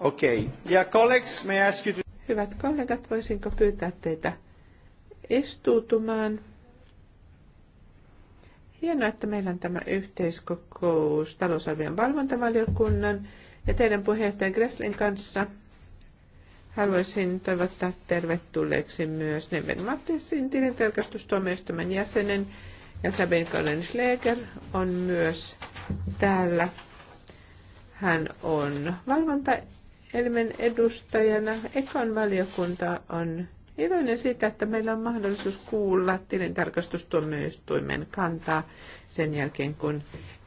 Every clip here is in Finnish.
Okay. colleagues, may I ask you to... Hyvät kollegat, voisinko pyytää teitä istuutumaan? Hienoa, että meillä on tämä yhteiskokous talousarvion valvontavaliokunnan ja teidän puheenjohtaja Greslin kanssa. Haluaisin toivottaa tervetulleeksi myös Neven Mattisin tilintarkastustuomioistuimen jäsenen ja Sabine Colin leger on myös täällä. Hän on valvontaelimen edustajana. Ekon valiokunta on iloinen siitä, että meillä on mahdollisuus kuulla tilintarkastustuomioistuimen kantaa sen jälkeen, kun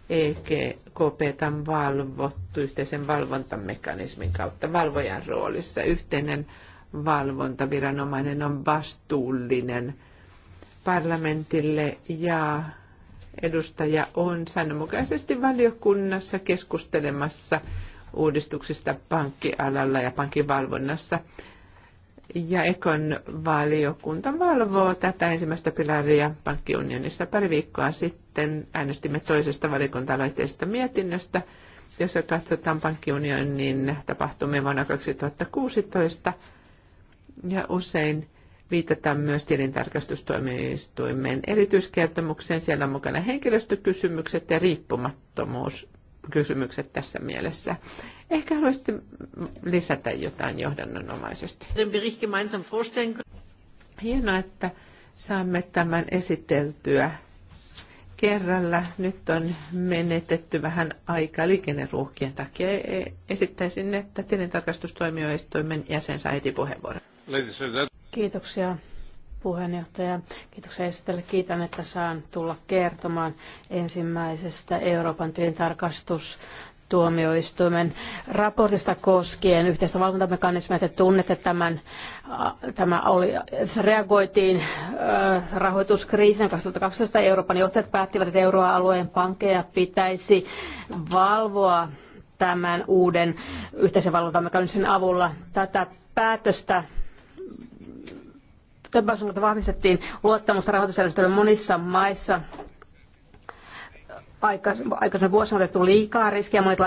EKKP on valvottu yhteisen valvontamekanismin kautta valvojan roolissa. Yhteinen valvontaviranomainen on vastuullinen parlamentille ja edustaja on säännönmukaisesti valiokunnassa keskustelemassa uudistuksista pankkialalla ja pankin valvonnassa. Ja Ekon valiokunta valvoo tätä ensimmäistä pilaria pankkiunionissa. Pari viikkoa sitten äänestimme toisesta valiokunta mietinnöstä, jossa katsotaan pankkiunionin tapahtumia vuonna 2016. Ja usein viitataan myös tilintarkastustoimistuimen erityiskertomukseen. Siellä on mukana henkilöstökysymykset ja riippumattomuuskysymykset tässä mielessä. Ehkä haluaisitte lisätä jotain johdannonomaisesti. Hienoa, että saamme tämän esiteltyä kerralla. Nyt on menetetty vähän aikaa liikenneruuhkien takia. E- esittäisin, että tilintarkastustoimioistuimen jäsen saa heti puheenvuoron. Kiitoksia puheenjohtaja. Kiitoksia esittelylle. Kiitän, että saan tulla kertomaan ensimmäisestä Euroopan tilintarkastus tuomioistuimen raportista koskien yhteistä valvontamekanismia, että tunnette tämän, tämä oli, se reagoitiin rahoituskriisin 2012 Euroopan johtajat päättivät, että euroalueen pankkeja pitäisi valvoa tämän uuden yhteisen valvontamekanismin avulla. Tätä päätöstä Többasunta vahvistettiin luottamusta rahoitusjärjestelmän monissa maissa aikaisemmin vuosina otettu liikaa riskiä Monet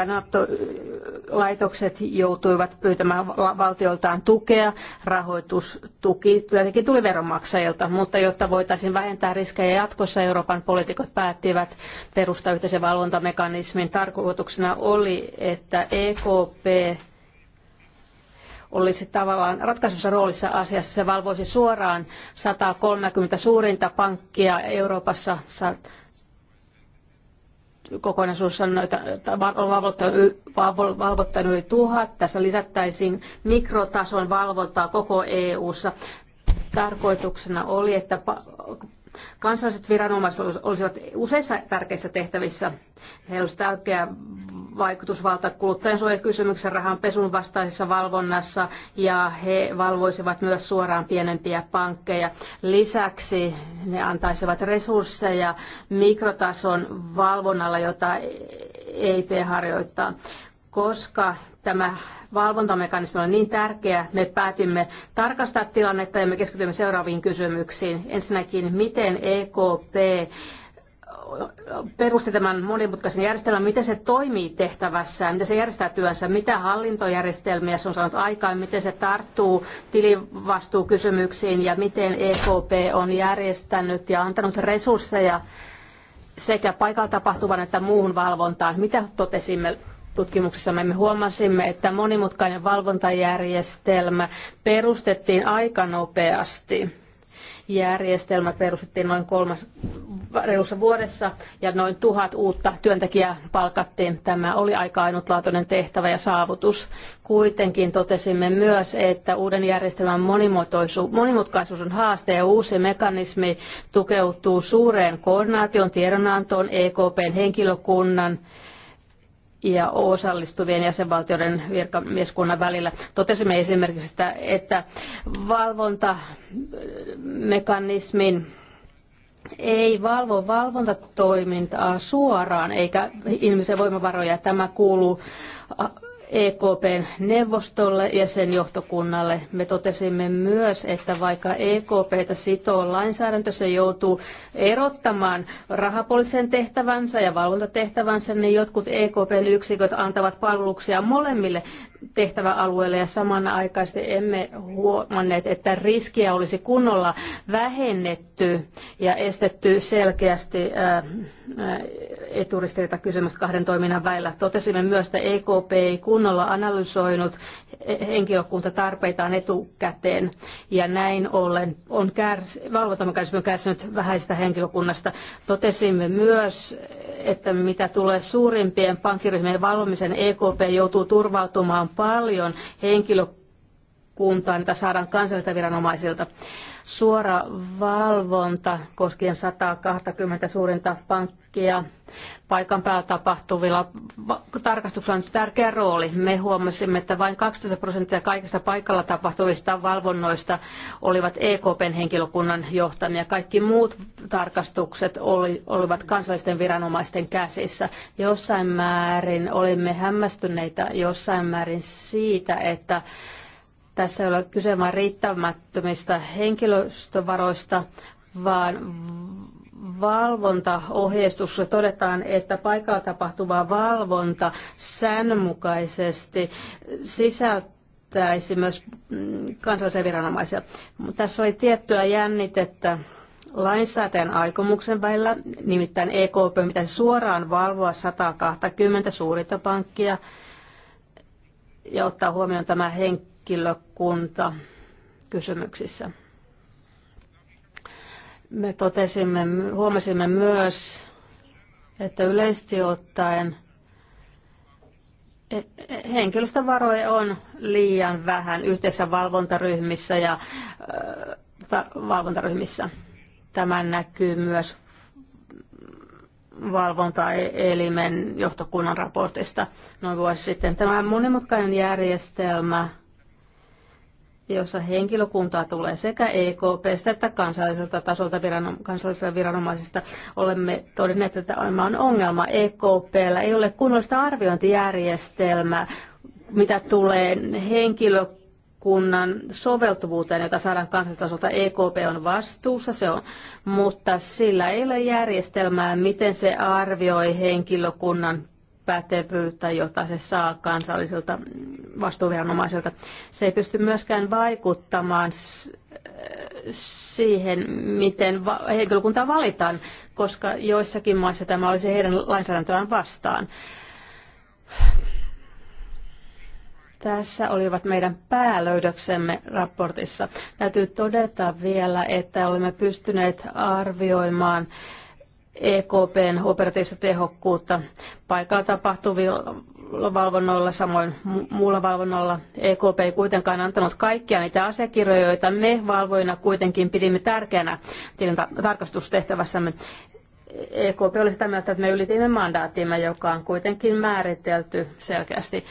laitokset joutuivat pyytämään valtioltaan tukea. Rahoitustuki tietenkin tuli veronmaksajilta, mutta jotta voitaisiin vähentää riskejä jatkossa, Euroopan poliitikot päättivät perustaa yhteisen valvontamekanismin. Tarkoituksena oli, että EKP olisi tavallaan ratkaisussa roolissa asiassa. Se valvoisi suoraan 130 suurinta pankkia Euroopassa kokonaisuus on valvottanut yli tuhat. Tässä lisättäisiin mikrotason valvontaa koko EU-ssa. Tarkoituksena oli, että Kansalliset viranomaiset olisivat useissa tärkeissä tehtävissä. Heillä olisi tärkeä vaikutusvalta kuluttajansuojakysymyksen rahan pesun vastaisessa valvonnassa ja he valvoisivat myös suoraan pienempiä pankkeja. Lisäksi ne antaisivat resursseja mikrotason valvonnalla, jota EIP harjoittaa koska tämä valvontamekanismi on niin tärkeä, me päätimme tarkastaa tilannetta ja me keskitymme seuraaviin kysymyksiin. Ensinnäkin, miten EKP perusti tämän monimutkaisen järjestelmän, miten se toimii tehtävässään, miten se järjestää työnsä, mitä hallintojärjestelmiä se on saanut aikaan, miten se tarttuu tilivastuukysymyksiin ja miten EKP on järjestänyt ja antanut resursseja sekä paikalla tapahtuvan että muuhun valvontaan. Mitä totesimme tutkimuksessa me huomasimme, että monimutkainen valvontajärjestelmä perustettiin aika nopeasti. Järjestelmä perustettiin noin kolmas reilussa vuodessa ja noin tuhat uutta työntekijää palkattiin. Tämä oli aika ainutlaatuinen tehtävä ja saavutus. Kuitenkin totesimme myös, että uuden järjestelmän monimutkaisuus on haaste ja uusi mekanismi tukeutuu suureen koordinaation tiedonantoon EKPn henkilökunnan ja osallistuvien jäsenvaltioiden virkamieskunnan välillä. Totesimme esimerkiksi, että, että valvontamekanismin ei valvo valvontatoimintaa suoraan eikä ihmisen voimavaroja. Tämä kuuluu EKPn neuvostolle ja sen johtokunnalle. Me totesimme myös, että vaikka EKPtä sitoo lainsäädäntö, se joutuu erottamaan rahapoliittisen tehtävänsä ja valvontatehtävänsä, niin jotkut EKPn yksiköt antavat palveluksia molemmille tehtäväalueille ja samanaikaisesti emme huomanneet, että riskiä olisi kunnolla vähennetty ja estetty selkeästi äh, äh, eturistiriita kysymys kahden toiminnan välillä. Totesimme myös, että EKP ei kun kunnolla analysoinut henkilökuntatarpeitaan etukäteen ja näin ollen on kärs, valvontamekanismi kärsinyt vähäisestä henkilökunnasta. Totesimme myös, että mitä tulee suurimpien pankkiryhmien valvomisen, EKP joutuu turvautumaan paljon henkilökuntaan, mitä saadaan kansallisilta viranomaisilta suora valvonta koskien 120 suurinta pankkia paikan päällä tapahtuvilla tarkastuksilla on tärkeä rooli. Me huomasimme, että vain 12 prosenttia kaikista paikalla tapahtuvista valvonnoista olivat EKPn henkilökunnan johtamia. Kaikki muut tarkastukset oli, olivat kansallisten viranomaisten käsissä. Jossain määrin olimme hämmästyneitä jossain määrin siitä, että tässä ei ole kyse vain riittämättömistä henkilöstövaroista, vaan valvontaohjeistuksessa todetaan, että paikalla tapahtuva valvonta säännönmukaisesti sisältäisi myös kansallisia viranomaisia. Tässä oli tiettyä jännitettä lainsäätäjän aikomuksen välillä, nimittäin EKP pitäisi suoraan valvoa 120 suurinta pankkia ja ottaa huomioon tämä hen- henkilökunta kysymyksissä. Me totesimme, huomasimme myös, että yleisesti ottaen henkilöstövaroja on liian vähän yhteisissä valvontaryhmissä ja valvontaryhmissä. Tämä näkyy myös valvontaelimen johtokunnan raportista noin vuosi sitten. Tämä monimutkainen järjestelmä jossa henkilökuntaa tulee sekä EKPstä että kansalliselta tasolta viranom- kansallisilla viranomaisista. Olemme todenneet, että tämä on ongelma. EKPllä ei ole kunnollista arviointijärjestelmää, mitä tulee henkilökuntaan kunnan soveltuvuuteen, jota saadaan kansallistasolta EKP on vastuussa, se on, mutta sillä ei ole järjestelmää, miten se arvioi henkilökunnan pätevyyttä, jota se saa kansallisilta vastuuviranomaisilta. Se ei pysty myöskään vaikuttamaan siihen, miten henkilökuntaa valitaan, koska joissakin maissa tämä olisi heidän lainsäädäntöään vastaan. Tässä olivat meidän päälöydöksemme raportissa. Täytyy todeta vielä, että olemme pystyneet arvioimaan EKPn operatiivista tehokkuutta paikalla tapahtuvilla valvonnoilla, samoin muulla valvonnalla. EKP ei kuitenkaan antanut kaikkia niitä asiakirjoja, joita me valvoina kuitenkin pidimme tärkeänä tarkastustehtävässämme. EKP oli sitä mieltä, että me ylitimme mandaattimme, joka on kuitenkin määritelty selkeästi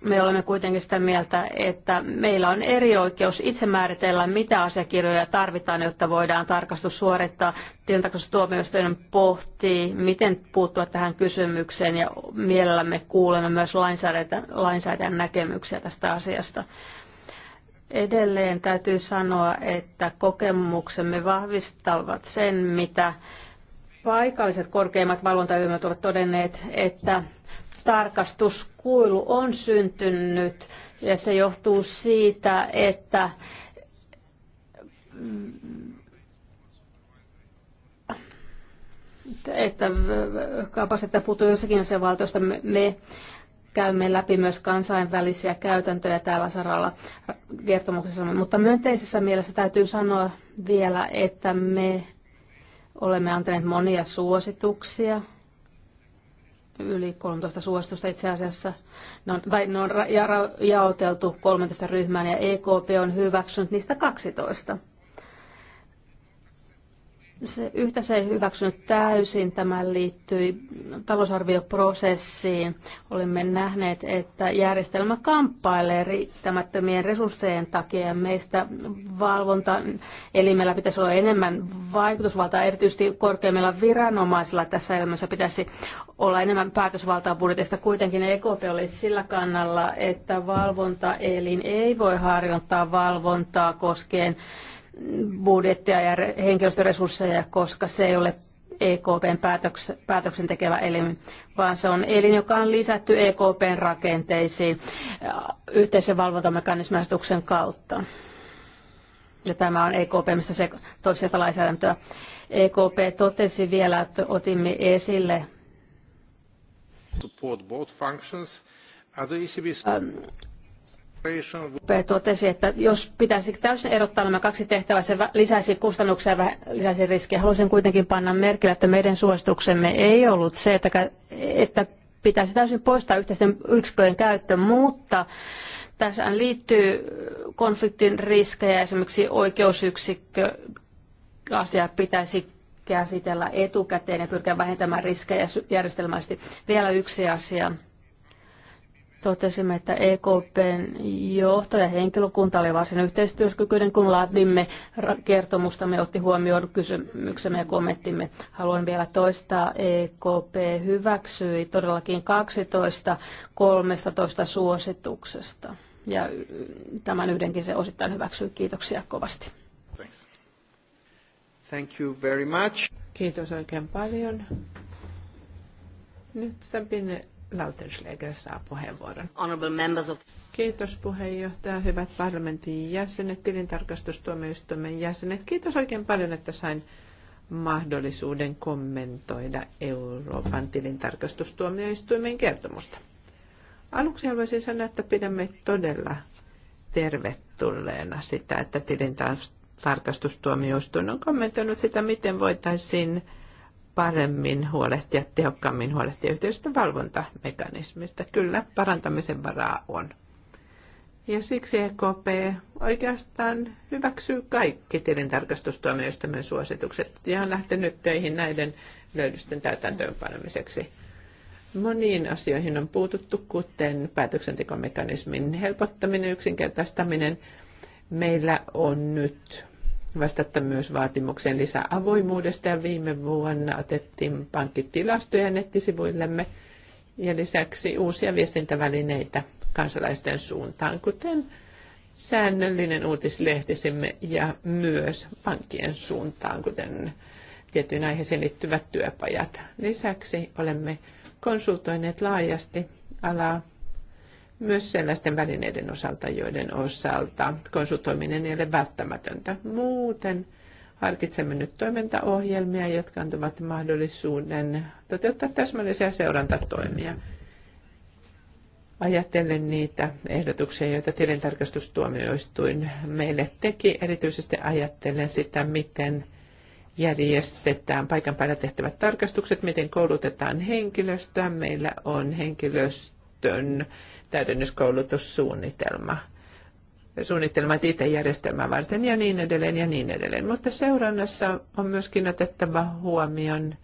me olemme kuitenkin sitä mieltä, että meillä on eri oikeus itse määritellä, mitä asiakirjoja tarvitaan, jotta voidaan tarkastus suorittaa. Tilintarkastustuomioistuin pohtii, miten puuttua tähän kysymykseen ja mielellämme kuulemme myös lainsäätäjän näkemyksiä tästä asiasta. Edelleen täytyy sanoa, että kokemuksemme vahvistavat sen, mitä paikalliset korkeimmat valvontayhmät ovat todenneet, että tarkastuskuilu on syntynyt ja se johtuu siitä, että että kapasiteetti puuttuu jossakin se valtiosta. Me, me käymme läpi myös kansainvälisiä käytäntöjä täällä saralla kertomuksessa, mutta myönteisessä mielessä täytyy sanoa vielä, että me olemme antaneet monia suosituksia yli 13 suositusta itse asiassa. Ne on, vai ne on ra- ra- ja jaoteltu 13 ryhmään ja EKP on hyväksynyt niistä 12. Se yhtä se ei hyväksynyt täysin. Tämä liittyi talousarvioprosessiin. Olemme nähneet, että järjestelmä kamppailee riittämättömien resurssien takia. Meistä valvonta meillä pitäisi olla enemmän vaikutusvaltaa, erityisesti korkeimmilla viranomaisilla tässä elämässä pitäisi olla enemmän päätösvaltaa budjetista. Kuitenkin EKP oli sillä kannalla, että valvontaelin ei voi harjoittaa valvontaa koskien budjettia ja henkilöstöresursseja, koska se ei ole EKPn päätöksen tekevä elin, vaan se on elin, joka on lisätty EKPn rakenteisiin yhteisen valvontamekanismiasetuksen kautta. Ja tämä on EKP, mistä se toisesta lainsäädäntöä. EKP totesi vielä, että otimme esille totesi, että jos pitäisi täysin erottaa nämä kaksi tehtävää, se lisäisi kustannuksia ja lisäisi riskejä. Haluaisin kuitenkin panna merkille, että meidän suosituksemme ei ollut se, että, että pitäisi täysin poistaa yhteisten yksiköjen käyttö, mutta tässä liittyy konfliktin riskejä, esimerkiksi oikeusyksikkö asiaa pitäisi käsitellä etukäteen ja pyrkiä vähentämään riskejä järjestelmällisesti. Vielä yksi asia totesimme, että EKPn johtaja henkilökunta oli varsin yhteistyöskykyinen, kun laadimme kertomustamme, otti huomioon kysymyksemme ja kommenttimme. Haluan vielä toistaa, EKP hyväksyi todellakin 12 13 suosituksesta. Ja tämän yhdenkin se osittain hyväksyi. Kiitoksia kovasti. Thank you very much. Kiitos oikein paljon. Nyt Sabine Lautenschläger saa puheenvuoron. Kiitos puheenjohtaja, hyvät parlamentin jäsenet, tilintarkastustuomioistuimen jäsenet. Kiitos oikein paljon, että sain mahdollisuuden kommentoida Euroopan tilintarkastustuomioistuimen kertomusta. Aluksi haluaisin sanoa, että pidämme todella tervetulleena sitä, että tilintarkastustuomioistuin on kommentoinut sitä, miten voitaisiin paremmin huolehtia, tehokkaammin huolehtia yhteisestä valvontamekanismista. Kyllä, parantamisen varaa on. Ja siksi EKP oikeastaan hyväksyy kaikki tilintarkastustuomioistuimen suositukset ja on lähtenyt töihin näiden löydysten täytäntöönpanemiseksi. Moniin asioihin on puututtu, kuten päätöksentekomekanismin helpottaminen, yksinkertaistaminen. Meillä on nyt vastata myös vaatimukseen lisää avoimuudesta ja viime vuonna otettiin pankkitilastoja nettisivuillemme ja lisäksi uusia viestintävälineitä kansalaisten suuntaan, kuten säännöllinen uutislehtisimme ja myös pankkien suuntaan, kuten tietyn aiheeseen liittyvät työpajat. Lisäksi olemme konsultoineet laajasti alaa myös sellaisten välineiden osalta, joiden osalta konsultoiminen ei ole välttämätöntä. Muuten harkitsemme nyt toimintaohjelmia, jotka antavat mahdollisuuden toteuttaa täsmällisiä seurantatoimia. Ajattelen niitä ehdotuksia, joita tilintarkastustuomioistuin meille teki. Erityisesti ajattelen sitä, miten järjestetään paikan päällä tehtävät tarkastukset, miten koulutetaan henkilöstöä. Meillä on henkilöstön täydennyskoulutussuunnitelma suunnittelemat itse järjestelmää varten ja niin edelleen ja niin edelleen. Mutta seurannassa on myöskin otettava huomioon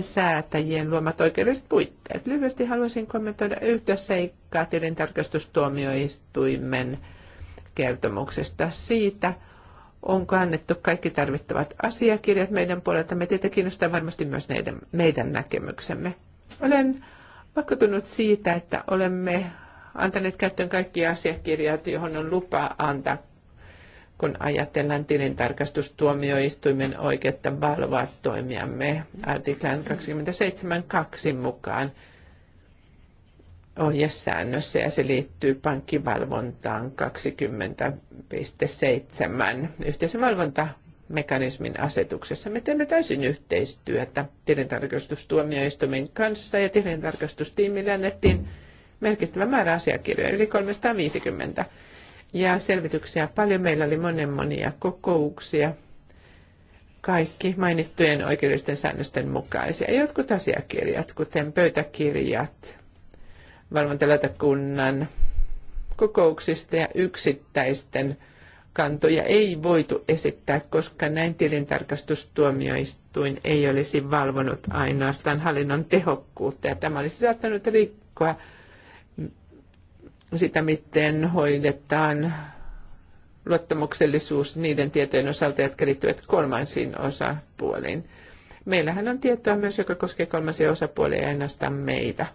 säätäjien luomat oikeudelliset puitteet. Lyhyesti haluaisin kommentoida yhtä seikkaa tilintarkastustuomioistuimen kertomuksesta siitä, onko annettu kaikki tarvittavat asiakirjat meidän puoleltamme. tietenkin kiinnostaa varmasti myös meidän näkemyksemme. Olen vakuutunut siitä, että olemme antaneet käyttöön kaikki asiakirjat, johon on lupa antaa, kun ajatellaan tilintarkastustuomioistuimen oikeutta valvoa toimiamme artiklan 27.2 mukaan ohjesäännössä ja se liittyy pankkivalvontaan 20.7 yhteisen valvonta mekanismin asetuksessa. Me teemme täysin yhteistyötä tilintarkastustuomioistuimen kanssa ja tilintarkastustiimille annettiin merkittävä määrä asiakirjoja, yli 350. Ja selvityksiä paljon. Meillä oli monen monia kokouksia, kaikki mainittujen oikeudellisten säännösten mukaisia. Jotkut asiakirjat, kuten pöytäkirjat, valvontalautakunnan kokouksista ja yksittäisten kantoja ei voitu esittää, koska näin tilintarkastustuomioistuin ei olisi valvonut ainoastaan hallinnon tehokkuutta. Ja tämä olisi saattanut rikkoa sitä, miten hoidetaan luottamuksellisuus niiden tietojen osalta, jotka liittyvät kolmansiin osapuoliin. Meillähän on tietoa myös, joka koskee kolmansia osapuolia ja ainoastaan meitä.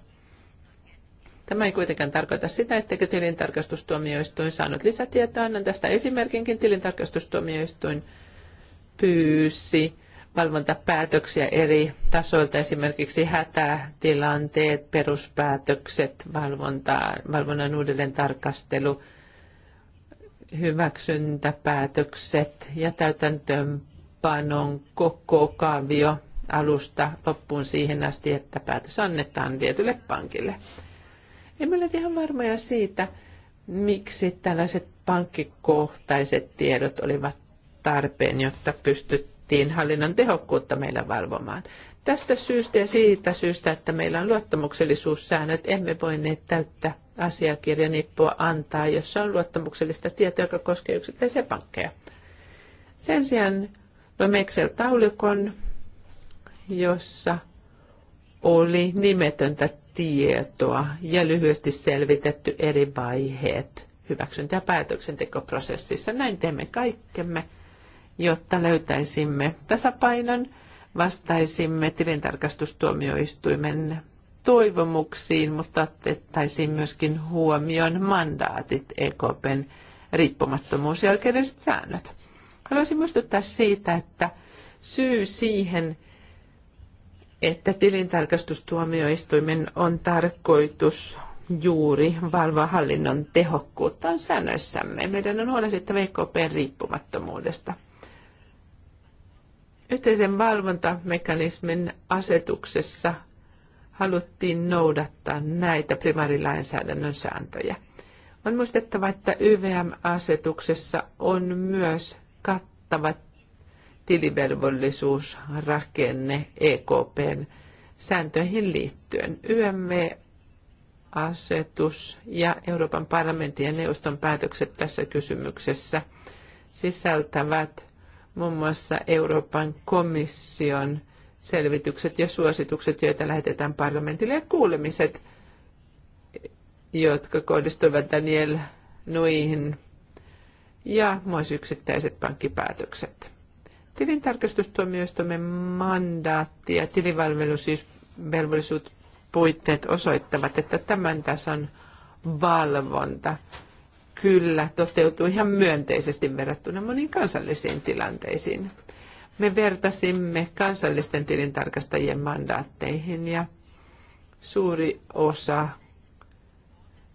Tämä ei kuitenkaan tarkoita sitä, etteikö tilintarkastustuomioistuin saanut lisätietoa. Annan tästä esimerkinkin. Tilintarkastustuomioistuin pyysi valvontapäätöksiä eri tasoilta, esimerkiksi hätätilanteet, peruspäätökset, valvonta, valvonnan uudelleen tarkastelu, hyväksyntäpäätökset ja täytäntöönpanon koko kaavio alusta loppuun siihen asti, että päätös annetaan tietylle pankille. Emme ole ihan varmoja siitä, miksi tällaiset pankkikohtaiset tiedot olivat tarpeen, jotta pystyttiin hallinnon tehokkuutta meillä valvomaan. Tästä syystä ja siitä syystä, että meillä on luottamuksellisuussäännöt, emme voineet täyttää asiakirjanippua antaa, jossa on luottamuksellista tietoa, joka koskee yksittäisiä pankkeja. Sen sijaan luomme Excel-taulukon, jossa oli nimetöntä tietoa ja lyhyesti selvitetty eri vaiheet hyväksyntä- ja päätöksentekoprosessissa. Näin teemme kaikkemme, jotta löytäisimme tasapainon, vastaisimme tilintarkastustuomioistuimen toivomuksiin, mutta otettaisiin myöskin huomioon mandaatit EKPn riippumattomuus ja oikeudelliset säännöt. Haluaisin muistuttaa siitä, että syy siihen, että tilintarkastustuomioistuimen on tarkoitus juuri valvoa hallinnon tehokkuutta on säännöissämme. Meidän on huolehdittava EKPn riippumattomuudesta. Yhteisen valvontamekanismin asetuksessa haluttiin noudattaa näitä primaarilainsäädännön sääntöjä. On muistettava, että YVM-asetuksessa on myös kattavat tilivelvollisuusrakenne EKPn sääntöihin liittyen. YMV asetus ja Euroopan parlamentin ja neuvoston päätökset tässä kysymyksessä sisältävät muun muassa Euroopan komission selvitykset ja suositukset, joita lähetetään parlamentille, ja kuulemiset, jotka kohdistuivat Daniel Nuihin, ja myös yksittäiset pankkipäätökset. Tilintarkastustuomioistuimen mandaatti ja tilivalvelusvelvollisuut puitteet osoittavat, että tämän tason valvonta kyllä toteutuu ihan myönteisesti verrattuna moniin kansallisiin tilanteisiin. Me vertasimme kansallisten tilintarkastajien mandaatteihin ja suuri osa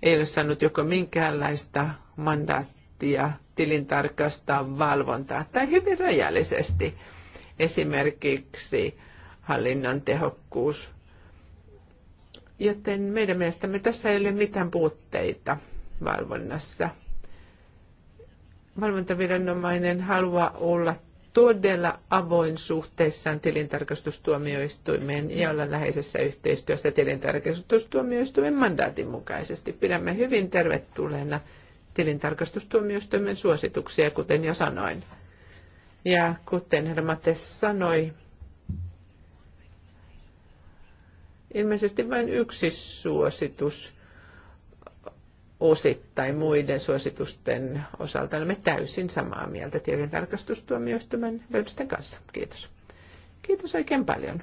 ei ole saanut joko minkäänlaista mandaattia – tilintarkastaa valvontaa tai hyvin rajallisesti. Esimerkiksi hallinnon tehokkuus. Joten meidän mielestämme tässä ei ole mitään puutteita valvonnassa. Valvontaviranomainen haluaa olla todella avoin suhteessaan tilintarkastustuomioistuimeen ja olla läheisessä yhteistyössä tilintarkastustuomioistuimen mandaatin mukaisesti. Pidämme hyvin tervetulleena tilintarkastustuomioistuimen suosituksia, kuten jo sanoin. Ja kuten Hermate sanoi, ilmeisesti vain yksi suositus osittain muiden suositusten osalta olemme täysin samaa mieltä tilintarkastustuomioistuimen löydösten kanssa. Kiitos. Kiitos oikein paljon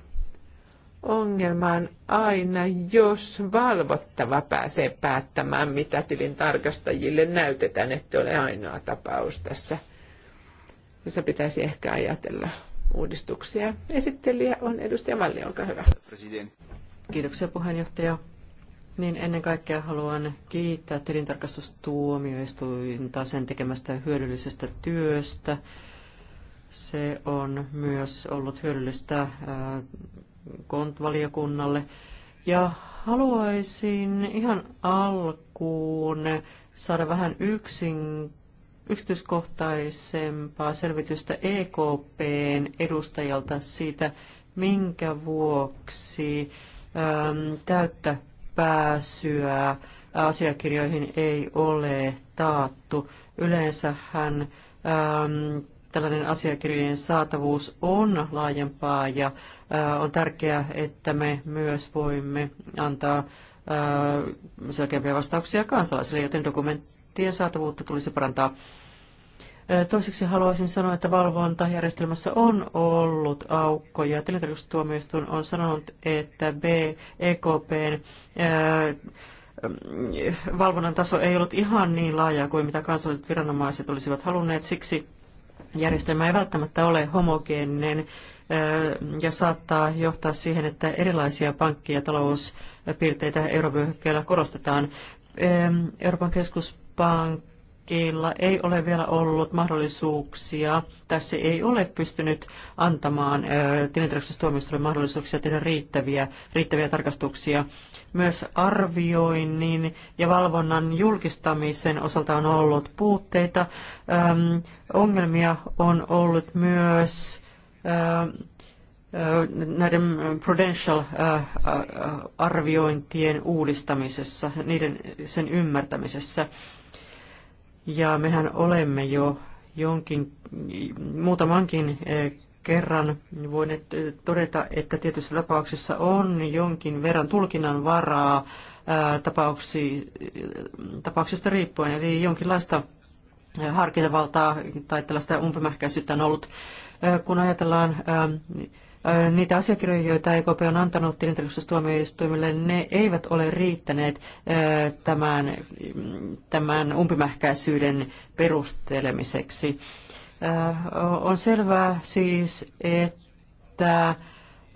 ongelmaan aina, jos valvottava pääsee päättämään, mitä tilin tarkastajille näytetään, että ole ainoa tapaus tässä. Tässä pitäisi ehkä ajatella uudistuksia. Esittelijä on edustaja Valli, olkaa hyvä. President. Kiitoksia puheenjohtaja. Niin ennen kaikkea haluan kiittää tilintarkastustuomioistuinta sen tekemästä hyödyllisestä työstä. Se on myös ollut hyödyllistä äh, kontvaliokunnalle. Ja haluaisin ihan alkuun saada vähän yksin, yksityiskohtaisempaa selvitystä EKPn edustajalta siitä, minkä vuoksi äm, täyttä pääsyä asiakirjoihin ei ole taattu. Yleensähän äm, tällainen asiakirjojen saatavuus on laajempaa ja Äh, on tärkeää, että me myös voimme antaa äh, selkeämpiä vastauksia kansalaisille, joten dokumenttien saatavuutta tulisi parantaa. Äh, toiseksi haluaisin sanoa, että valvontajärjestelmässä on ollut aukkoja. Tilintarkastustuomioistuin on sanonut, että B, EKPn ää, valvonnan taso ei ollut ihan niin laaja kuin mitä kansalliset viranomaiset olisivat halunneet. Siksi järjestelmä ei välttämättä ole homogeeninen ja saattaa johtaa siihen, että erilaisia pankki- ja talouspiirteitä eurovyöhykkeellä korostetaan. Euroopan keskuspankilla ei ole vielä ollut mahdollisuuksia, tai se ei ole pystynyt antamaan tilintarkastustuomioistuimen mahdollisuuksia tehdä riittäviä, riittäviä tarkastuksia. Myös arvioinnin ja valvonnan julkistamisen osalta on ollut puutteita. Ongelmia on ollut myös näiden prudential-arviointien uudistamisessa, niiden sen ymmärtämisessä. Ja mehän olemme jo jonkin, muutamankin kerran voineet todeta, että tietyissä tapauksissa on jonkin verran tulkinnan varaa tapauksi, tapauksista riippuen, eli jonkinlaista harkintavaltaa tai tällaista umpimähkäisyyttä on ollut kun ajatellaan niitä asiakirjoja, joita EKP on antanut tilintarkastustuomioistuimille, ne eivät ole riittäneet tämän, tämän umpimähkäisyyden perustelemiseksi. On selvää siis, että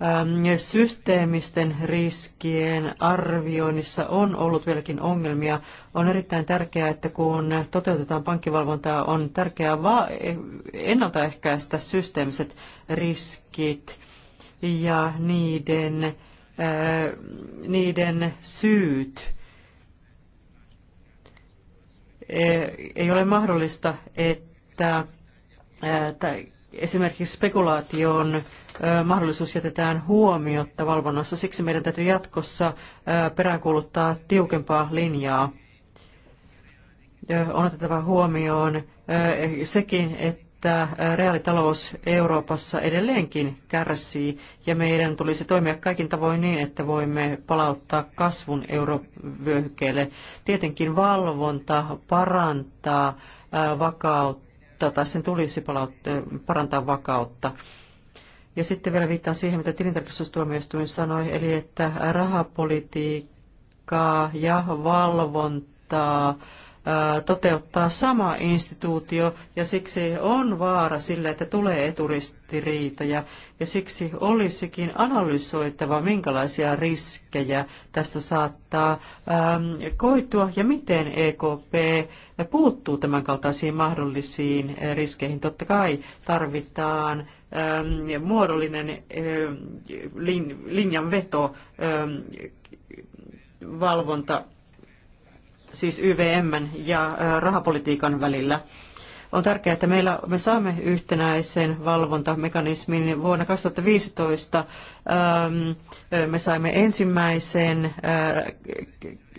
Ähm, systeemisten riskien arvioinnissa on ollut vieläkin ongelmia. On erittäin tärkeää, että kun toteutetaan pankkivalvontaa, on tärkeää va- ennaltaehkäistä systeemiset riskit ja niiden, ää, äh, niiden syyt. Ei ole mahdollista, että äh, esimerkiksi spekulaation mahdollisuus jätetään huomiotta valvonnassa. Siksi meidän täytyy jatkossa peräänkuuluttaa tiukempaa linjaa. On otettava huomioon sekin, että reaalitalous Euroopassa edelleenkin kärsii ja meidän tulisi toimia kaikin tavoin niin, että voimme palauttaa kasvun eurovyöhykkeelle. Tietenkin valvonta parantaa vakautta palauttaa sen tulisi parantaa vakautta. Ja sitten vielä viittaan siihen, mitä tilintarkastustuomioistuin sanoi, eli että rahapolitiikkaa ja valvontaa toteuttaa sama instituutio ja siksi on vaara sille, että tulee eturistiriitoja ja siksi olisikin analysoitava, minkälaisia riskejä tästä saattaa koitua ja miten EKP puuttuu tämän kaltaisiin mahdollisiin riskeihin. Totta kai tarvitaan muodollinen linjanveto valvonta siis YVM ja rahapolitiikan välillä. On tärkeää, että meillä, me saamme yhtenäisen valvontamekanismin. Vuonna 2015 ähm, me saimme ensimmäisen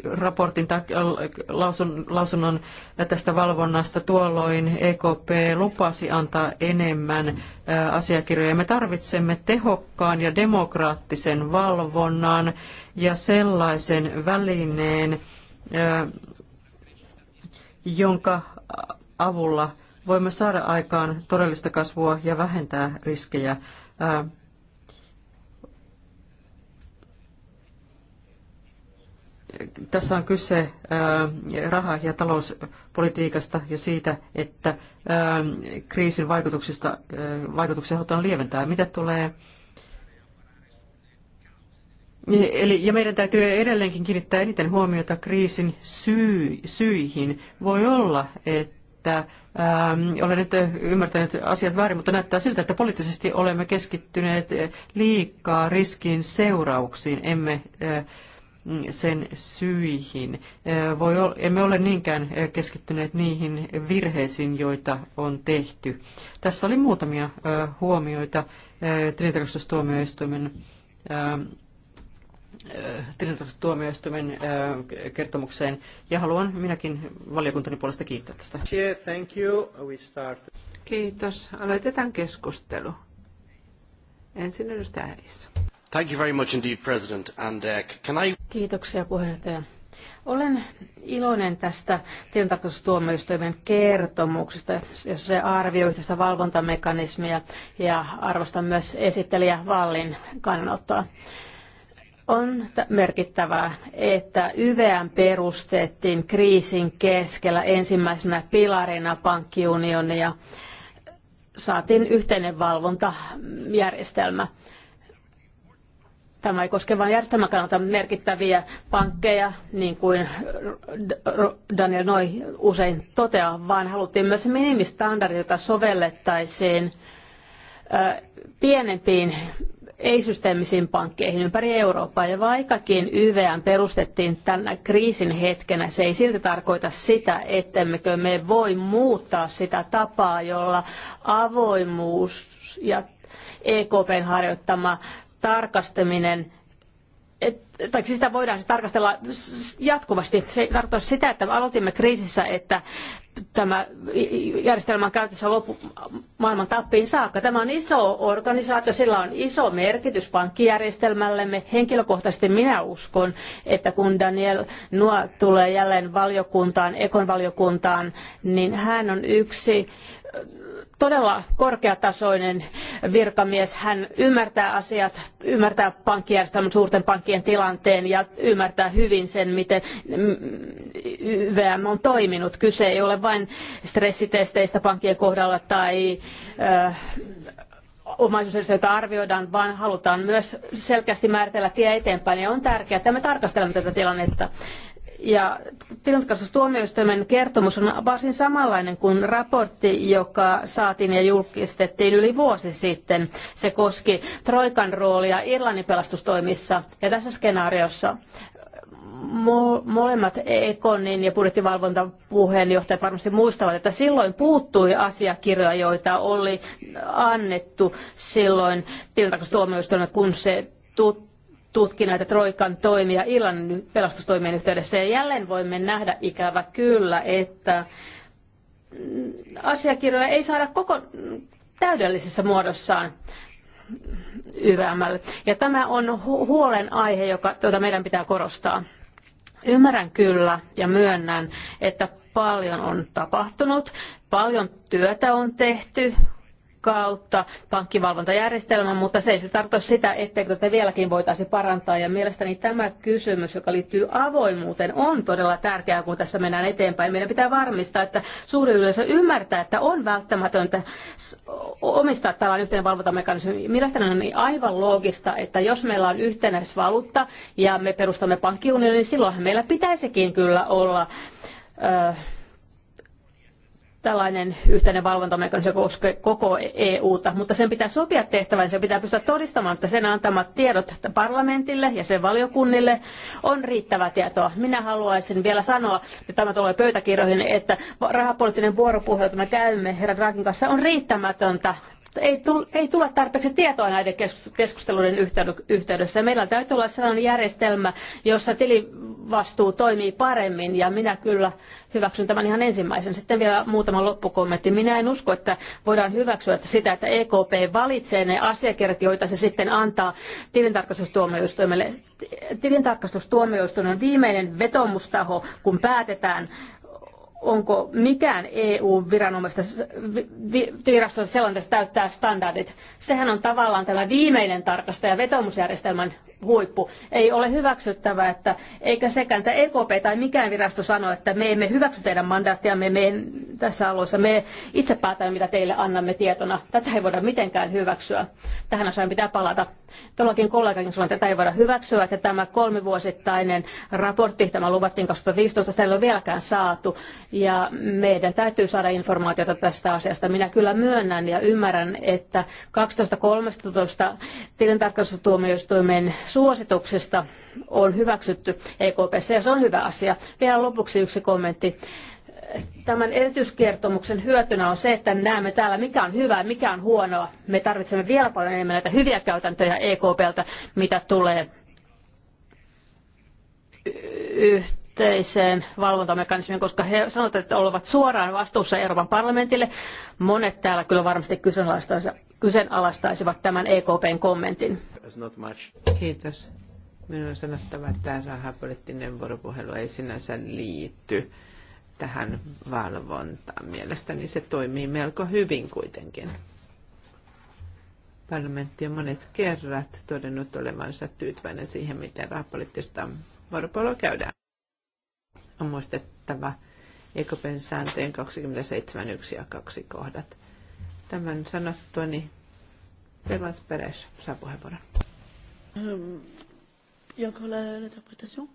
raportin tai lausunnon tästä valvonnasta. Tuolloin EKP lupasi antaa enemmän asiakirjoja. Me tarvitsemme tehokkaan ja demokraattisen valvonnan ja sellaisen välineen, jonka avulla voimme saada aikaan todellista kasvua ja vähentää riskejä. Tässä on kyse raha- ja talouspolitiikasta ja siitä, että kriisin vaikutuksista, vaikutuksia halutaan lieventää. Mitä tulee Eli, ja meidän täytyy edelleenkin kiinnittää eniten huomiota kriisin syy, syihin. Voi olla, että ähm, olen nyt äh, ymmärtänyt asiat väärin, mutta näyttää siltä, että poliittisesti olemme keskittyneet äh, liikaa riskin seurauksiin, emme äh, sen syihin. Äh, voi emme ole niinkään äh, keskittyneet niihin virheisiin, joita on tehty. Tässä oli muutamia äh, huomioita äh, tilintarkastustuomioistuimen äh, tilintarkastustuomioistuimen kertomukseen. Ja haluan minäkin valiokuntani puolesta kiittää tästä. Thank you. We start. Kiitos. Aloitetaan keskustelu. Ensin edustaja Härissä. Thank you very much indeed, President. And, uh, can I... Kiitoksia puheenjohtaja. Olen iloinen tästä tilintarkastustuomioistuimen kertomuksesta, jossa se arvioi tästä valvontamekanismia ja arvostan myös esittelijä Vallin kannanottoa. On merkittävää, että YVM perustettiin kriisin keskellä ensimmäisenä pilarina pankkiunionia. Saatiin yhteinen valvontajärjestelmä. Tämä ei koske vain järjestelmän kannalta merkittäviä pankkeja, niin kuin Daniel Noi usein toteaa, vaan haluttiin myös minimistandardi, jota sovellettaisiin pienempiin ei-systeemisiin pankkeihin ympäri Eurooppaa. Ja vaikkakin YVM perustettiin tänä kriisin hetkenä, se ei silti tarkoita sitä, ettemmekö me voi muuttaa sitä tapaa, jolla avoimuus ja EKPn harjoittama tarkastaminen et, tai siis sitä voidaan siis tarkastella jatkuvasti. Se tarkoittaa sitä, että aloitimme kriisissä, että tämä järjestelmä on käytössä loppu, maailman tappiin saakka. Tämä on iso organisaatio, sillä on iso merkitys pankkijärjestelmällemme. Henkilökohtaisesti minä uskon, että kun Daniel Nuo tulee jälleen valiokuntaan, ekon valiokuntaan, niin hän on yksi todella korkeatasoinen virkamies. Hän ymmärtää asiat, ymmärtää pankkijärjestelmän, suurten pankkien tilanteen ja ymmärtää hyvin sen, miten YVM on toiminut. Kyse ei ole vain stressitesteistä pankkien kohdalla tai äh, omaisuusjärjestöjä, joita arvioidaan, vaan halutaan myös selkeästi määritellä tie eteenpäin. Ja on tärkeää, että me tarkastelemme tätä tilannetta. Ja tilintarkastustuomioistuimen kertomus on varsin samanlainen kuin raportti, joka saatiin ja julkistettiin yli vuosi sitten. Se koski Troikan roolia Irlannin pelastustoimissa ja tässä skenaariossa molemmat Ekonin ja budjettivalvontapuheenjohtajat varmasti muistavat, että silloin puuttui asiakirjoja, joita oli annettu silloin tilintarkastustuomioistuimelle, kun se tuttu tutki näitä Troikan toimia Irlannin pelastustoimien yhteydessä. Ja jälleen voimme nähdä ikävä kyllä, että asiakirjoja ei saada koko täydellisessä muodossaan YVMlle. Ja tämä on hu- huolenaihe, joka, jota meidän pitää korostaa. Ymmärrän kyllä ja myönnän, että paljon on tapahtunut, paljon työtä on tehty, kautta pankkivalvontajärjestelmän, mutta se ei se siis tarkoita sitä, etteikö tätä vieläkin voitaisiin parantaa. Ja mielestäni tämä kysymys, joka liittyy avoimuuteen, on todella tärkeää, kun tässä mennään eteenpäin. Meidän pitää varmistaa, että suuri yleisö ymmärtää, että on välttämätöntä omistaa tällainen yhteinen valvontamekanismi. Mielestäni on niin aivan loogista, että jos meillä on yhtenäisvaluutta ja me perustamme pankkiunionin, niin silloinhan meillä pitäisikin kyllä olla tällainen yhteinen valvontamekanismi koskee koko EUta, mutta sen pitää sopia tehtävän, sen pitää pystyä todistamaan, että sen antamat tiedot parlamentille ja sen valiokunnille on riittävää tietoa. Minä haluaisin vielä sanoa, että tämä tulee pöytäkirjoihin, että rahapoliittinen vuoropuhelu, jota me käymme herra Draghin kanssa, on riittämätöntä ei, tule tarpeeksi tietoa näiden keskusteluiden yhteydessä. Meillä täytyy olla sellainen järjestelmä, jossa tilivastuu toimii paremmin ja minä kyllä hyväksyn tämän ihan ensimmäisen. Sitten vielä muutama loppukommentti. Minä en usko, että voidaan hyväksyä sitä, että EKP valitsee ne asiakirjat, joita se sitten antaa tilintarkastustuomioistuimelle. Tilintarkastustuomioistuin on viimeinen vetomustaho, kun päätetään onko mikään EU-viranomaista virasto sellainen, että se täyttää standardit. Sehän on tavallaan tämä viimeinen tarkastaja vetomusjärjestelmän huippu. Ei ole hyväksyttävää, että eikä sekään että EKP tai mikään virasto sano, että me emme hyväksy teidän mandaattia, me tässä alueessa. Me itse päätämme, mitä teille annamme tietona. Tätä ei voida mitenkään hyväksyä. Tähän asiaan pitää palata. Tuollakin kollegakin sanoi, että tätä ei voida hyväksyä, että tämä kolmivuosittainen raportti, tämä luvattiin 2015, sitä ei ole vieläkään saatu. Ja meidän täytyy saada informaatiota tästä asiasta. Minä kyllä myönnän ja ymmärrän, että 12.13. tilintarkastustuomioistuimen suosituksista on hyväksytty EKPssä ja se on hyvä asia. Vielä lopuksi yksi kommentti. Tämän erityiskertomuksen hyötynä on se, että näemme täällä mikä on hyvää, mikä on huonoa. Me tarvitsemme vielä paljon enemmän näitä hyviä käytäntöjä EKPltä, mitä tulee yhteiseen valvontamekanismiin, koska he sanovat, että olivat suoraan vastuussa Euroopan parlamentille. Monet täällä kyllä varmasti kyseenalaistaisivat tämän EKPn kommentin. Kiitos. Minun on sanottava, että tämä rahapoliittinen vuoropuhelu ei sinänsä liity tähän valvontaan. Mielestäni se toimii melko hyvin kuitenkin. Parlamentti on monet kerrat todennut olevansa tyytyväinen siihen, miten rahapoliittista vuoropuhelua käydään on muistettava Ekopen sääntöjen 27.1 ja 2 kohdat. Tämän sanottuani niin Pervas Peres saa puheenvuoron. Um, ähm, y encore l'interprétation?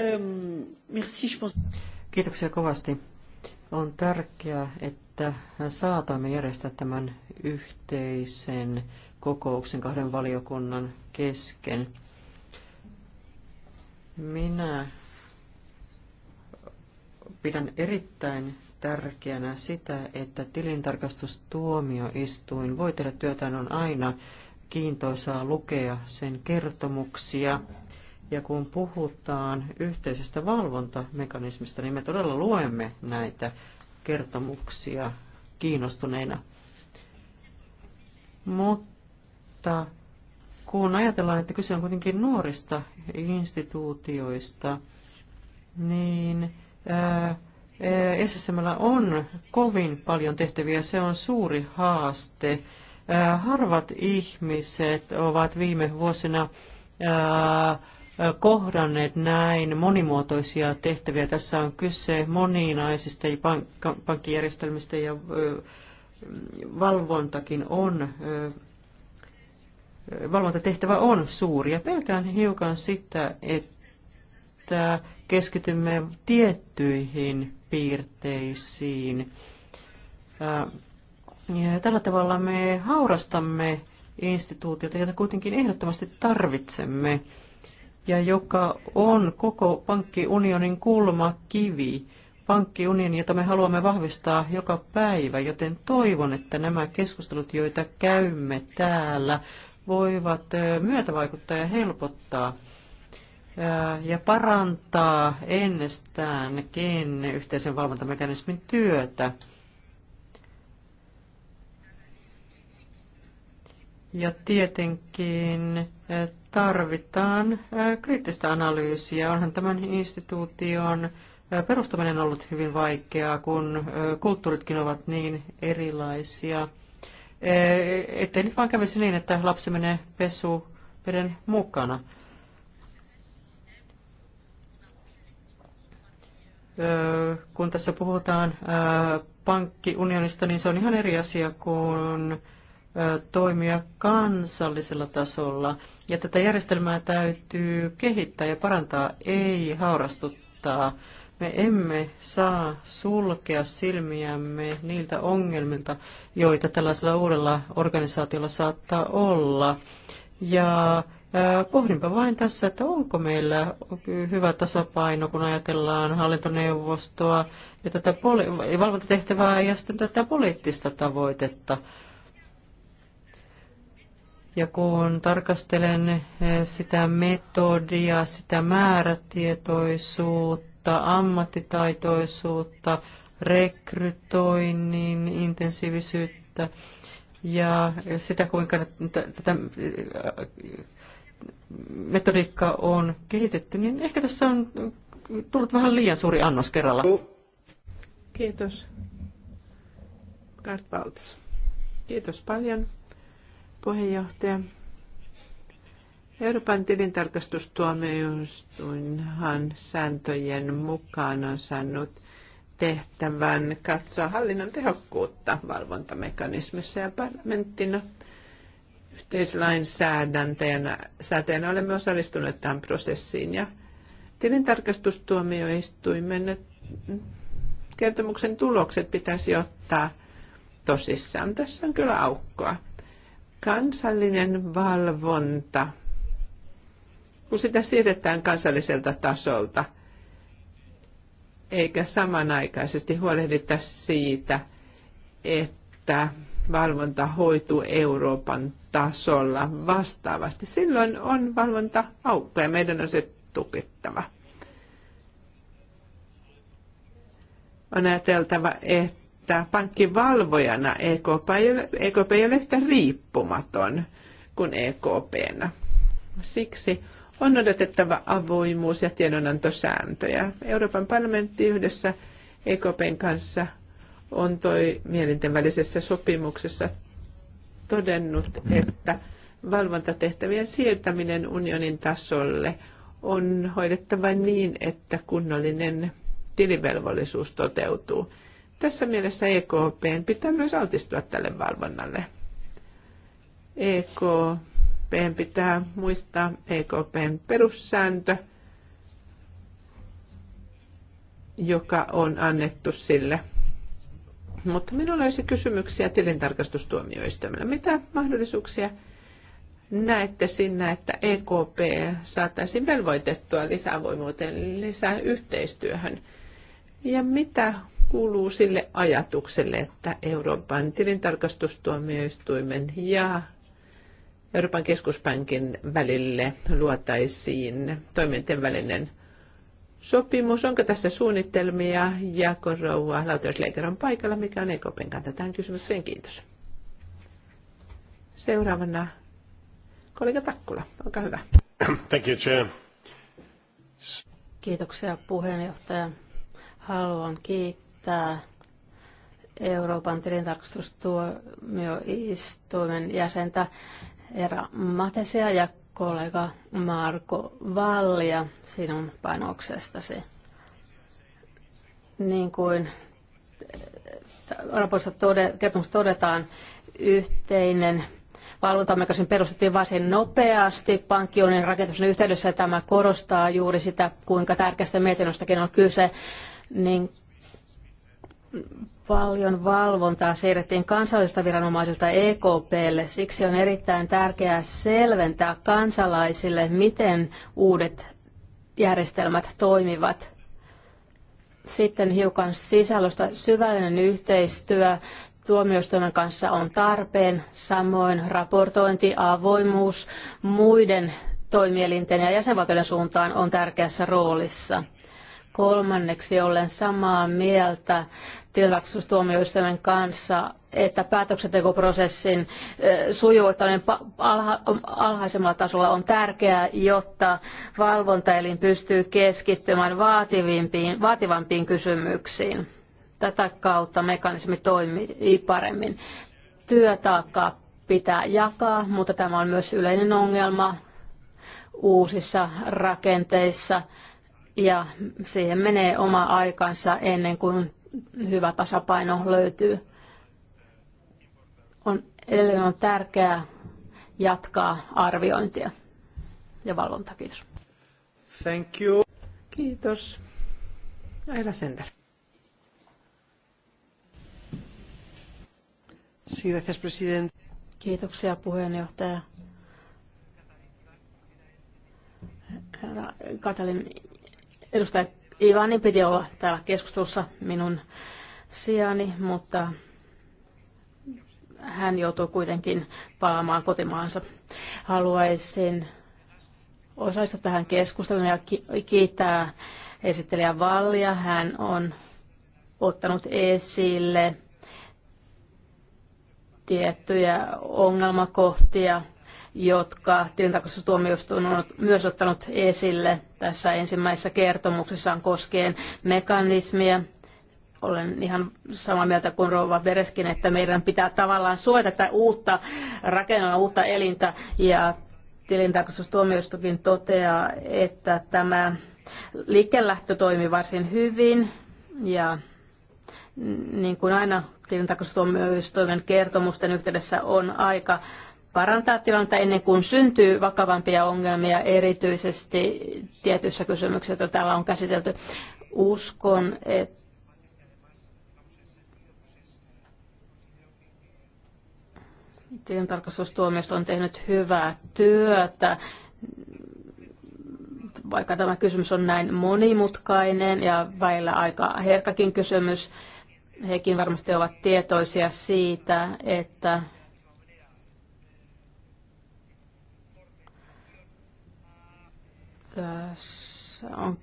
Ähm, Kiitoksia kovasti. On tärkeää, että saatamme järjestää tämän yhteisen kokouksen kahden valiokunnan kesken. Minä pidän erittäin tärkeänä sitä, että tilintarkastustuomioistuin voi tehdä työtään on aina kiintoisaa lukea sen kertomuksia. Ja kun puhutaan yhteisestä valvontamekanismista, niin me todella luemme näitä kertomuksia kiinnostuneina. Mutta kun ajatellaan, että kyse on kuitenkin nuorista instituutioista, niin SSM on kovin paljon tehtäviä. Se on suuri haaste. harvat ihmiset ovat viime vuosina kohdanneet näin monimuotoisia tehtäviä. Tässä on kyse moninaisista pankkijärjestelmistä ja valvontakin on valvontatehtävä on suuri ja pelkään hiukan sitä, että keskitymme tiettyihin piirteisiin. Ja tällä tavalla me haurastamme instituutiota, jota kuitenkin ehdottomasti tarvitsemme ja joka on koko pankkiunionin kulmakivi, pankkiunioni, jota me haluamme vahvistaa joka päivä, joten toivon, että nämä keskustelut, joita käymme täällä, voivat myötävaikuttaa ja helpottaa ja parantaa ennestään yhteisen valvontamekanismin työtä. Ja tietenkin tarvitaan kriittistä analyysiä. Onhan tämän instituution perustaminen ollut hyvin vaikeaa, kun kulttuuritkin ovat niin erilaisia. Eh, ettei nyt vaan kävisi niin, että lapsi menee veden mukana. Eh, kun tässä puhutaan eh, pankkiunionista, niin se on ihan eri asia kuin toimia kansallisella tasolla. Ja tätä järjestelmää täytyy kehittää ja parantaa, ei haurastuttaa. Me emme saa sulkea silmiämme niiltä ongelmilta, joita tällaisella uudella organisaatiolla saattaa olla. Ja Pohdinpa vain tässä, että onko meillä hyvä tasapaino, kun ajatellaan hallintoneuvostoa ja tätä poli- valvontatehtävää ja sitten tätä poliittista tavoitetta. Ja kun tarkastelen sitä metodia, sitä määrätietoisuutta, painottaa ammattitaitoisuutta, rekrytoinnin intensiivisyyttä ja sitä, kuinka tätä äh, metodiikkaa on kehitetty, niin ehkä tässä on tullut vähän liian suuri annos kerralla. Kiitos. Kiitos paljon, puheenjohtaja. Euroopan tilintarkastustuomioistuinhan sääntöjen mukaan on saanut tehtävän katsoa hallinnon tehokkuutta valvontamekanismissa ja parlamenttina yhteislainsäädäntäjänä olemme osallistuneet tämän prosessiin ja tilintarkastustuomioistuimen kertomuksen tulokset pitäisi ottaa tosissaan. Tässä on kyllä aukkoa. Kansallinen valvonta kun sitä siirretään kansalliselta tasolta, eikä samanaikaisesti huolehdita siitä, että valvonta hoituu Euroopan tasolla vastaavasti. Silloin on valvonta aukko ja meidän on se tukittava. On ajateltava, että pankkivalvojana EKP ei ole, EKP ei ole yhtä riippumaton kuin EKPnä. Siksi on odotettava avoimuus ja tiedonantosääntöjä. Euroopan parlamentti yhdessä EKPn kanssa on toi mielinten välisessä sopimuksessa todennut, että valvontatehtävien siirtäminen unionin tasolle on hoidettava niin, että kunnollinen tilivelvollisuus toteutuu. Tässä mielessä EKP pitää myös altistua tälle valvonnalle. EKP EKPn pitää muistaa EKPn perussääntö, joka on annettu sille. Mutta minulla olisi kysymyksiä tilintarkastustuomioistuimelle. Mitä mahdollisuuksia näette sinne, että EKP saataisiin velvoitettua lisävoimuuteen, lisää yhteistyöhön? Ja mitä kuuluu sille ajatukselle, että Euroopan tilintarkastustuomioistuimen ja Euroopan keskuspankin välille luotaisiin toiminten välinen sopimus. Onko tässä suunnitelmia? Ja kun rouva on paikalla, mikä on EKPn kanta tähän kysymykseen? Kiitos. Seuraavana kollega Takkula, olkaa hyvä. Thank you, Chair. Kiitoksia puheenjohtaja. Haluan kiittää Euroopan tilintarkastustuomioistuimen jäsentä Era Matesia ja kollega Marko Vallia sinun panoksestasi. Niin kuin eh, raportissa kertomus todetaan, yhteinen valvontamekanismi perustettiin varsin nopeasti pankkiunin rakentamisen yhteydessä. Ja tämä korostaa juuri sitä, kuinka tärkeästä mietinnöstäkin on kyse. Niin paljon valvontaa siirrettiin kansallisilta viranomaisilta EKPlle. Siksi on erittäin tärkeää selventää kansalaisille, miten uudet järjestelmät toimivat. Sitten hiukan sisällöstä syvällinen yhteistyö tuomioistuimen kanssa on tarpeen, samoin raportointi, avoimuus muiden toimielinten ja jäsenvaltioiden suuntaan on tärkeässä roolissa. Kolmanneksi olen samaa mieltä tilaksustuomioistuimen kanssa, että päätöksentekoprosessin sujuvoittaminen alhaisemmalla tasolla on tärkeää, jotta valvontaelin pystyy keskittymään vaativimpiin, vaativampiin kysymyksiin. Tätä kautta mekanismi toimii paremmin. Työtaakkaa pitää jakaa, mutta tämä on myös yleinen ongelma uusissa rakenteissa – ja siihen menee oma aikansa ennen kuin hyvä tasapaino löytyy. On, edelleen on tärkeää jatkaa arviointia ja valvontaa. Kiitos. Thank you. Kiitos. Aila Sender. Kiitoksia puheenjohtaja. Herra Katalin Edustaja Ivanin piti olla täällä keskustelussa minun sijani, mutta hän joutuu kuitenkin palaamaan kotimaansa. Haluaisin osallistua tähän keskusteluun ja kiittää esittelijä Vallia. Hän on ottanut esille tiettyjä ongelmakohtia – jotka tilintarkastustuomioistuin on myös ottanut esille tässä ensimmäisessä kertomuksessaan koskien mekanismia. Olen ihan samaa mieltä kuin Rova Vereskin, että meidän pitää tavallaan suojata tätä uutta rakennelmaa, uutta elintä ja tilintarkastustuomioistukin toteaa, että tämä liikelähtö toimi varsin hyvin ja niin kuin aina tilintarkastustuomioistuimen kertomusten yhteydessä on aika parantaa tilannetta ennen kuin syntyy vakavampia ongelmia, erityisesti tietyissä kysymyksissä, joita täällä on käsitelty. Uskon, että tilintarkastustuomioista on tehnyt hyvää työtä vaikka tämä kysymys on näin monimutkainen ja väillä aika herkäkin kysymys, hekin varmasti ovat tietoisia siitä, että Tässä on,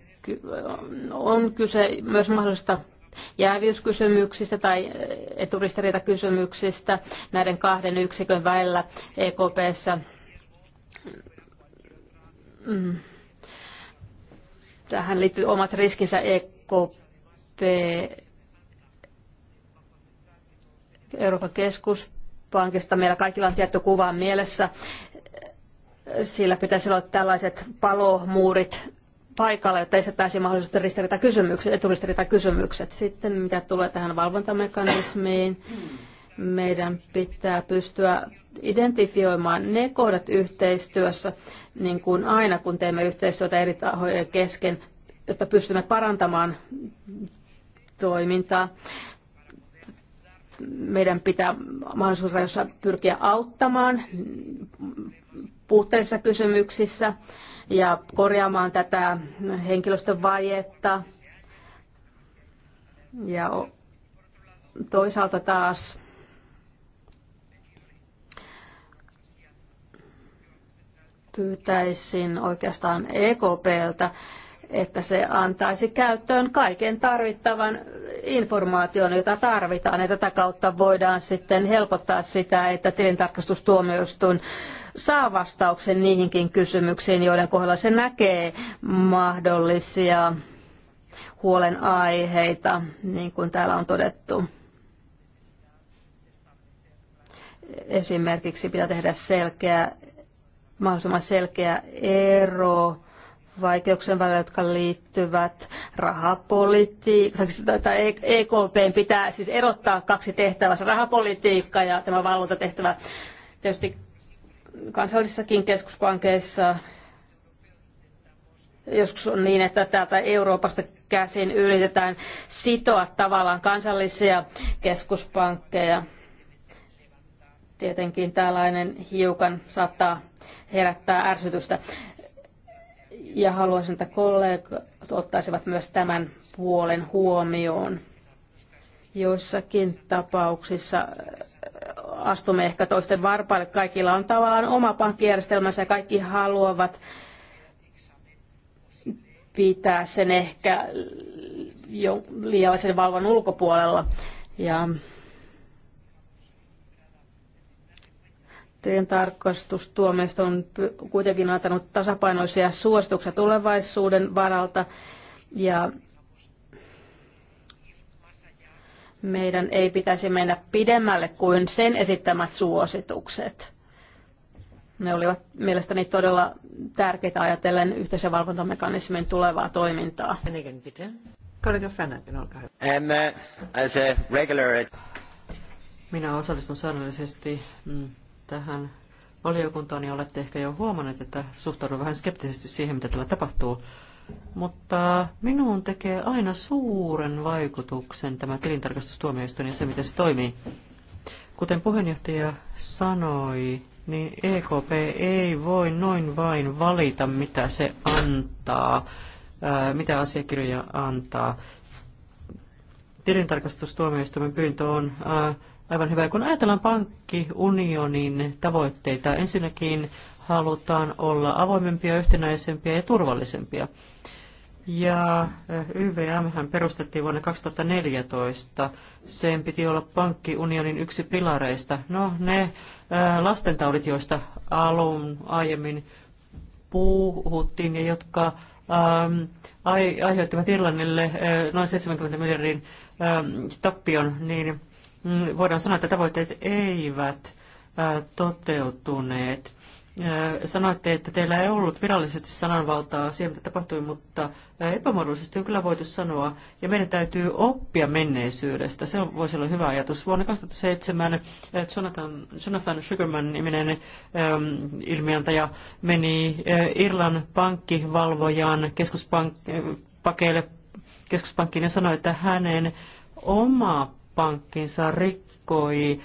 on kyse myös mahdollista jääviyskysymyksistä tai eturistiriitakysymyksistä näiden kahden yksikön välillä EKPssä. Mm. Tähän liittyy omat riskinsä EKP, Euroopan keskuspankista. Meillä kaikilla on tietty kuva mielessä sillä pitäisi olla tällaiset palomuurit paikalla, jotta estetään mahdollisesti ristiriitakysymykset, eturistiriitakysymykset. Sitten mitä tulee tähän valvontamekanismiin, meidän pitää pystyä identifioimaan ne kohdat yhteistyössä, niin kuin aina kun teemme yhteistyötä eri tahojen kesken, jotta pystymme parantamaan toimintaa meidän pitää mahdollisuusrajoissa pyrkiä auttamaan puutteellisissa kysymyksissä ja korjaamaan tätä henkilöstön vajetta. Ja toisaalta taas pyytäisin oikeastaan EKPltä että se antaisi käyttöön kaiken tarvittavan informaation, jota tarvitaan. Ja tätä kautta voidaan sitten helpottaa sitä, että tilintarkastustuomioistuin saa vastauksen niihinkin kysymyksiin, joiden kohdalla se näkee mahdollisia huolenaiheita, niin kuin täällä on todettu. Esimerkiksi pitää tehdä selkeä, mahdollisimman selkeä ero vaikeuksien välillä, jotka liittyvät rahapolitiikkaan. Tai siis EKP e pitää siis erottaa kaksi tehtävää, se rahapolitiikka ja tämä valvontatehtävä. Tietysti kansallisissakin keskuspankeissa joskus on niin, että täältä Euroopasta käsin yritetään sitoa tavallaan kansallisia keskuspankkeja. Tietenkin tällainen hiukan saattaa herättää ärsytystä ja haluaisin, että kollegat ottaisivat myös tämän puolen huomioon. Joissakin tapauksissa äh, astumme ehkä toisten varpaille. Kaikilla on tavallaan oma pankkijärjestelmänsä ja kaikki haluavat pitää sen ehkä jo liiallisen valvon ulkopuolella. Ja tarkastustuomioista on kuitenkin antanut tasapainoisia suosituksia tulevaisuuden varalta ja meidän ei pitäisi mennä pidemmälle kuin sen esittämät suositukset. Ne olivat mielestäni todella tärkeitä ajatellen yhteisen valvontamekanismin tulevaa toimintaa. Äh, Minä osallistun säännöllisesti mm, tähän valiokuntaan, niin olette ehkä jo huomanneet, että suhtaudun vähän skeptisesti siihen, mitä täällä tapahtuu. Mutta minuun tekee aina suuren vaikutuksen tämä tilintarkastustuomioistuin ja se, miten se toimii. Kuten puheenjohtaja sanoi, niin EKP ei voi noin vain valita, mitä se antaa, mitä asiakirjoja antaa. Tilintarkastustuomioistuimen pyyntö on aivan hyvä. Kun ajatellaan pankkiunionin tavoitteita, ensinnäkin halutaan olla avoimempia, yhtenäisempiä ja turvallisempia. Ja eh, YVM perustettiin vuonna 2014. Sen piti olla pankkiunionin yksi pilareista. No ne eh, lastentaudit, joista alun aiemmin puhuttiin ja jotka ähm, aiheuttivat Irlannille eh, noin 70 miljardin ähm, tappion, niin voidaan sanoa, että tavoitteet eivät toteutuneet. Sanoitte, että teillä ei ollut virallisesti sananvaltaa siihen, mitä tapahtui, mutta epämuodollisesti on kyllä voitu sanoa, ja meidän täytyy oppia menneisyydestä. Se voisi olla hyvä ajatus. Vuonna 2007 Jonathan, Jonathan Sugarman niminen ähm, ilmiantaja meni Irlan pankkivalvojan keskuspank, keskuspankkiin ja sanoi, että hänen oma pankkinsa rikkoi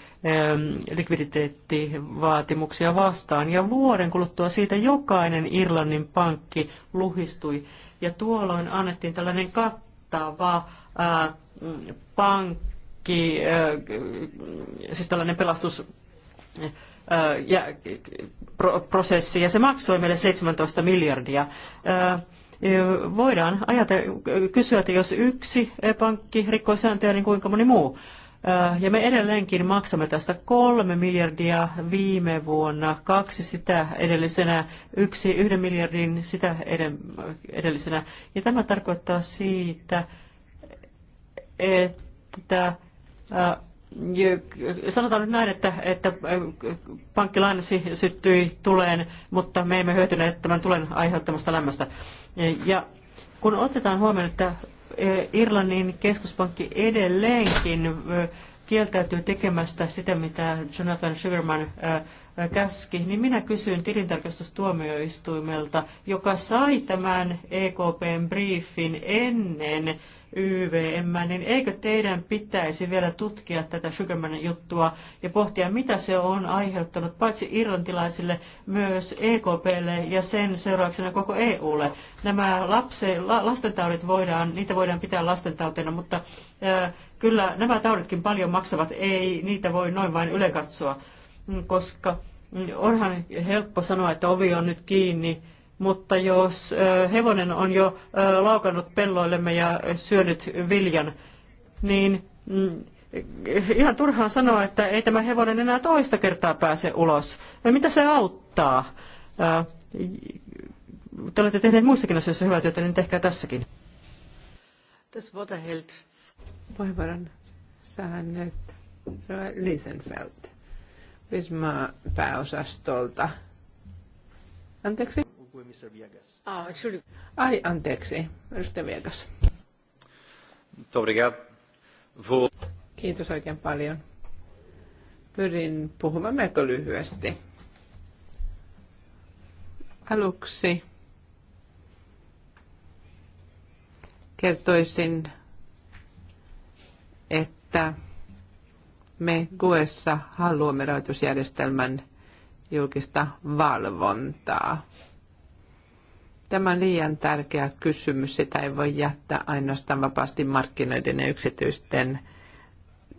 likviditeettivaatimuksia vastaan. Ja vuoden kuluttua siitä jokainen Irlannin pankki luhistui. Ja tuolloin annettiin tällainen kattava pankki, ää, siis tällainen pelastus ja prosessi, ja se maksoi meille 17 miljardia. Ää, voidaan ajatella, kysyä, että jos yksi pankki rikkoi sääntöjä, niin kuinka moni muu? Ja me edelleenkin maksamme tästä kolme miljardia viime vuonna, kaksi sitä edellisenä, yksi yhden miljardin sitä edellisenä. Ja tämä tarkoittaa siitä, että sanotaan nyt näin, että, että pankkilainasi syttyi tuleen, mutta me emme hyötyneet tämän tulen aiheuttamasta lämmöstä. Ja kun otetaan huomioon, että e, Irlannin keskuspankki edelleenkin kieltäytyy tekemästä sitä, mitä Jonathan Sugarman käski, niin minä kysyin tilintarkastustuomioistuimelta, joka sai tämän EKPn briefin ennen YVM, niin eikö teidän pitäisi vielä tutkia tätä Sugarmanin juttua ja pohtia, mitä se on aiheuttanut paitsi irlantilaisille, myös EKPlle ja sen seurauksena koko EUlle. Nämä lapsi, la, lastentaudit voidaan, niitä voidaan pitää lastentautina, mutta ää, kyllä nämä tauditkin paljon maksavat, ei niitä voi noin vain ylekatsoa, mm, koska mm, onhan helppo sanoa, että ovi on nyt kiinni, mutta jos hevonen on jo laukannut pelloillemme ja syönyt viljan, niin mm, ihan turhaan sanoa, että ei tämä hevonen enää toista kertaa pääse ulos. Mitä se auttaa? Te olette tehneet muissakin asioissa hyvää työtä, niin tehkää tässäkin. Das Wort erhält. Puheenvuoron saa nyt Lisenfeld, Visma pääosastolta. Anteeksi? kuin Mr. Viegas. Ah, Ai, anteeksi, Viegas. Kiitos oikein paljon. Pyrin puhumaan melko lyhyesti. Aluksi kertoisin, että me kuessa haluamme rahoitusjärjestelmän julkista valvontaa. Tämä on liian tärkeä kysymys. Sitä ei voi jättää ainoastaan vapaasti markkinoiden ja yksityisten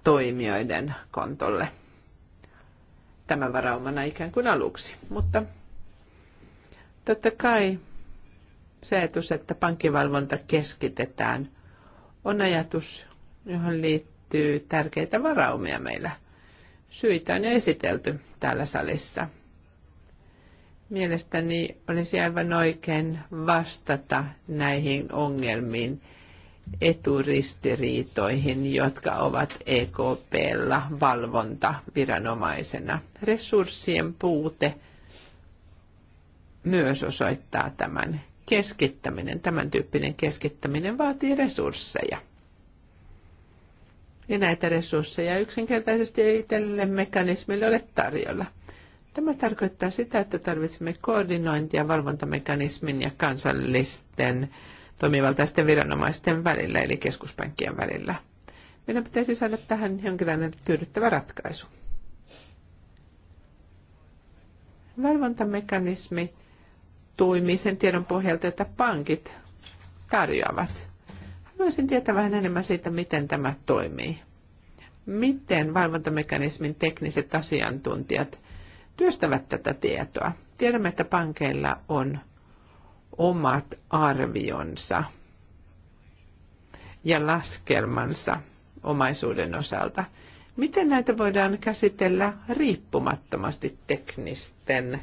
toimijoiden kontolle. Tämän varaumana ikään kuin aluksi. Mutta totta kai se ajatus, että pankkivalvonta keskitetään, on ajatus, johon liittyy tärkeitä varaumia meillä. Syitä on jo esitelty täällä salissa. Mielestäni olisi aivan oikein vastata näihin ongelmiin eturistiriitoihin, jotka ovat EKPlla valvontaviranomaisena. Resurssien puute myös osoittaa tämän keskittäminen. Tämän tyyppinen keskittäminen vaatii resursseja. Ja näitä resursseja yksinkertaisesti ei tälle mekanismille ole tarjolla. Tämä tarkoittaa sitä, että tarvitsemme koordinointia valvontamekanismin ja kansallisten toimivaltaisten viranomaisten välillä, eli keskuspankkien välillä. Meidän pitäisi saada tähän jonkinlainen tyydyttävä ratkaisu. Valvontamekanismi toimii sen tiedon pohjalta, jota pankit tarjoavat. Haluaisin tietää vähän enemmän siitä, miten tämä toimii. Miten valvontamekanismin tekniset asiantuntijat työstävät tätä tietoa. Tiedämme, että pankeilla on omat arvionsa ja laskelmansa omaisuuden osalta. Miten näitä voidaan käsitellä riippumattomasti teknisten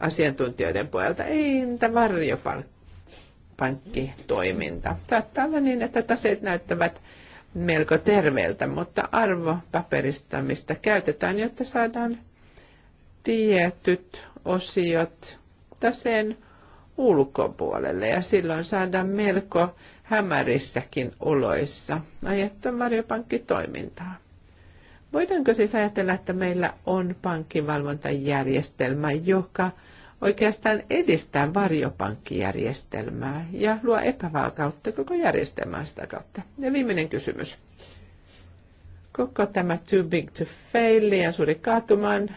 asiantuntijoiden puolelta? Ei entä varjopankkitoiminta? Saattaa olla niin, että taseet näyttävät melko terveeltä, mutta arvopaperista, mistä käytetään, jotta saadaan tietyt osiot taseen ulkopuolelle ja silloin saadaan melko hämärissäkin oloissa ajettua varjopankkitoimintaa. Voidaanko siis ajatella, että meillä on pankkivalvontajärjestelmä, joka oikeastaan edistää varjopankkijärjestelmää ja luo epävakautta koko järjestelmää sitä kautta? Ja viimeinen kysymys. Koko tämä too big to fail, liian suuri kaatumaan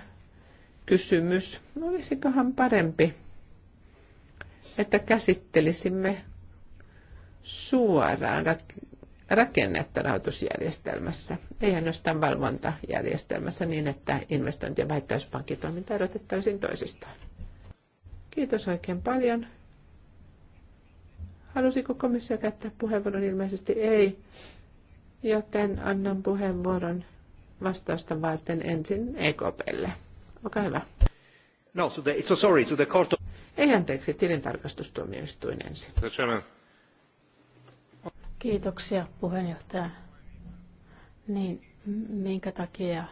kysymys. Olisikohan parempi, että käsittelisimme suoraan rakennetta rahoitusjärjestelmässä, ei ainoastaan valvontajärjestelmässä niin, että investointi- ja vähittäispankkitoiminta erotettaisiin toisistaan. Kiitos oikein paljon. Halusiko komissio käyttää puheenvuoron? Ilmeisesti ei, joten annan puheenvuoron vastausta varten ensin EKPlle. Olkaa hyvä. No, to the, to, sorry, to the court of... Ei anteeksi, tilintarkastustuomioistuin ensin. Kiitoksia puheenjohtaja. Niin, minkä takia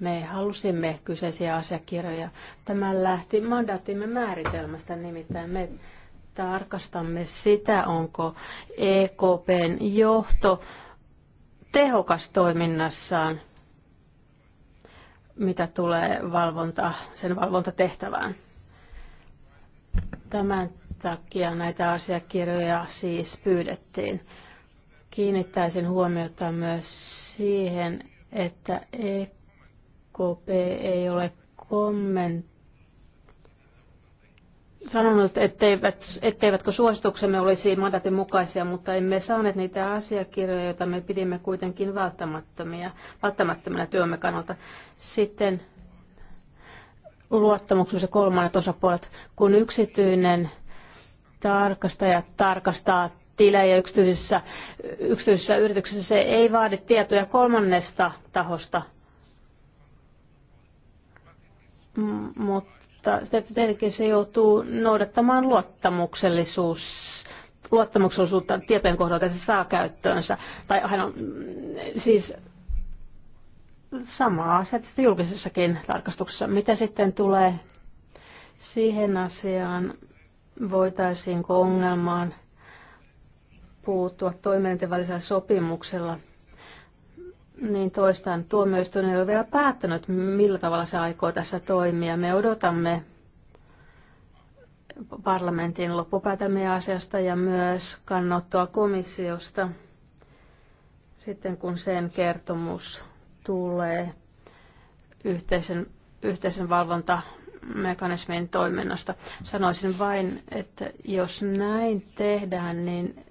me halusimme kyseisiä asiakirjoja? Tämä lähti mandaattimme määritelmästä, nimittäin me tarkastamme sitä, onko EKPn johto tehokas toiminnassaan mitä tulee valvonta, sen valvontatehtävään. Tämän takia näitä asiakirjoja siis pyydettiin. Kiinnittäisin huomiota myös siihen, että EKP ei ole kommentoinut sanonut, etteivät, etteivätkö suosituksemme olisi mandatin mukaisia, mutta emme saaneet niitä asiakirjoja, joita me pidimme kuitenkin välttämättömiä, välttämättömänä työmme kannalta. Sitten luottamuksessa kolmannet osapuolet, kun yksityinen tarkastaja tarkastaa tilejä yksityisissä, yksityisissä yrityksissä, se ei vaadi tietoja kolmannesta tahosta, mutta tietenkin se joutuu noudattamaan luottamuksellisuus luottamuksellisuutta tietojen kohdalta se saa käyttöönsä. Tai hän on mm, siis samaa asia julkisessakin tarkastuksessa. Mitä sitten tulee siihen asiaan, voitaisiinko ongelmaan puuttua toimijoiden välisellä sopimuksella niin toistan, tuomioistuin ei ole vielä päättänyt, millä tavalla se aikoo tässä toimia. Me odotamme parlamentin loppupäätelmiä asiasta ja myös kannottoa komissiosta sitten kun sen kertomus tulee yhteisen, yhteisen valvontamekanismin toiminnasta. Sanoisin vain, että jos näin tehdään, niin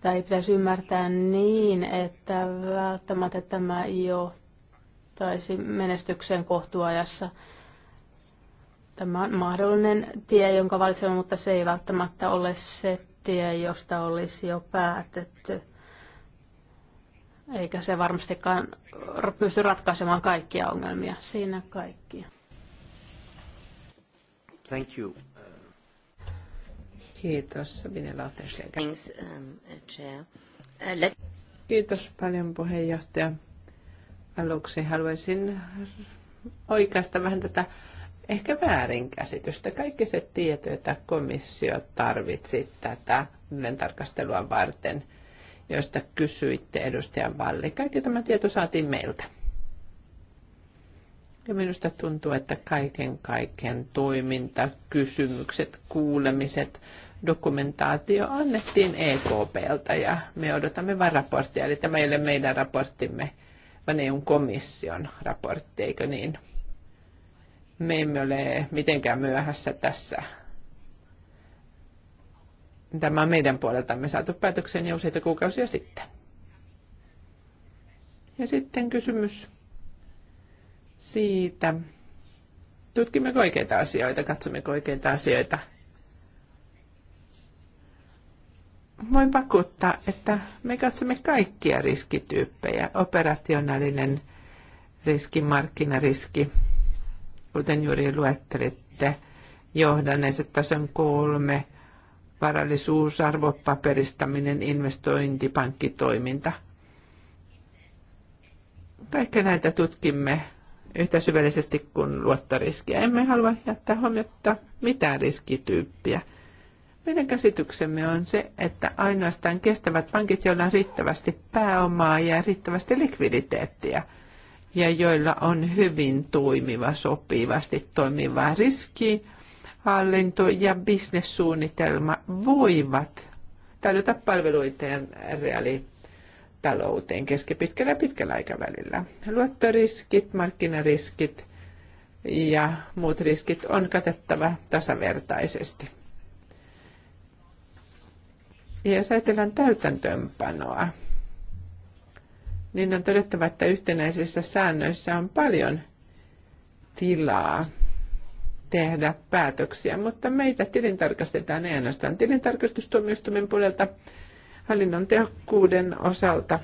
tai pitäisi ymmärtää niin, että välttämättä tämä johtaisi menestykseen kohtuajassa. Tämä on mahdollinen tie, jonka valitsemme, mutta se ei välttämättä ole se tie, josta olisi jo päätetty. Eikä se varmastikaan pysty ratkaisemaan kaikkia ongelmia. Siinä kaikki. Thank you. Kiitos, Sabine um, uh, Lautenschläger. Kiitos paljon puheenjohtaja. Aluksi haluaisin oikaista vähän tätä ehkä väärinkäsitystä. Kaikki se tieto, jota komissio tarvitsi tätä tarkastelua varten, josta kysyitte edustajan Valli. Kaikki tämä tieto saatiin meiltä. Ja minusta tuntuu, että kaiken kaiken toiminta, kysymykset, kuulemiset, dokumentaatio annettiin EKPltä ja me odotamme vain raporttia. Eli tämä ei ole meidän raporttimme, vaan on e komission raportti, eikö niin? Me emme ole mitenkään myöhässä tässä. Tämä on meidän puoleltamme saatu päätöksen jo useita kuukausia sitten. Ja sitten kysymys siitä, tutkimmeko oikeita asioita, katsommeko oikeita asioita – voin vakuuttaa, että me katsomme kaikkia riskityyppejä. Operationaalinen riski, markkinariski, kuten juuri luettelitte, johdanneiset tason kolme, varallisuus, arvopaperistaminen, pankkitoiminta. Kaikki näitä tutkimme yhtä syvällisesti kuin luottoriskiä. Emme halua jättää huomiota mitään riskityyppiä. Meidän käsityksemme on se, että ainoastaan kestävät pankit, joilla on riittävästi pääomaa ja riittävästi likviditeettiä ja joilla on hyvin toimiva, sopivasti toimiva riski, hallinto ja bisnessuunnitelma voivat tarjota palveluita reaalitalouteen keskipitkällä ja pitkällä aikavälillä. Luottoriskit, markkinariskit ja muut riskit on katettava tasavertaisesti. Ja jos ajatellaan täytäntöönpanoa, niin on todettava, että yhtenäisissä säännöissä on paljon tilaa tehdä päätöksiä, mutta meitä tilintarkastetaan ei ainoastaan tilintarkastustuomioistuimen puolelta hallinnon tehokkuuden osalta,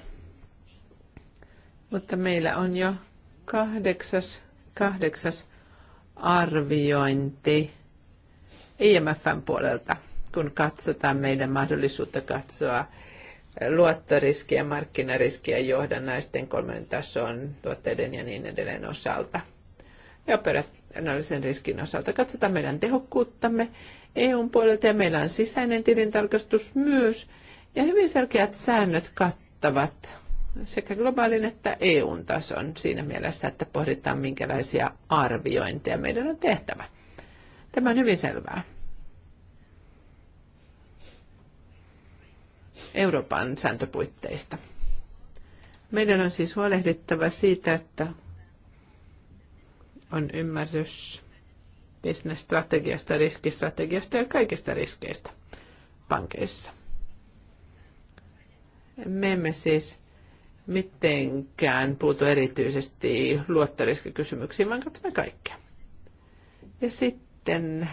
mutta meillä on jo kahdeksas, kahdeksas arviointi IMFn puolelta kun katsotaan meidän mahdollisuutta katsoa luottoriskiä, markkinariskiä johdannaisten kolmen tason tuotteiden ja niin edelleen osalta. Ja operatiivisen riskin osalta katsotaan meidän tehokkuuttamme EUn puolelta ja meillä on sisäinen tilintarkastus myös. Ja hyvin selkeät säännöt kattavat sekä globaalin että EUn tason siinä mielessä, että pohditaan minkälaisia arviointeja meidän on tehtävä. Tämä on hyvin selvää. Euroopan sääntöpuitteista. Meidän on siis huolehdittava siitä, että on ymmärrys bisnesstrategiasta, riskistrategiasta ja kaikista riskeistä pankeissa. Me emme siis mitenkään puutu erityisesti luottoriskikysymyksiin, vaan katsomme kaikkea. Ja sitten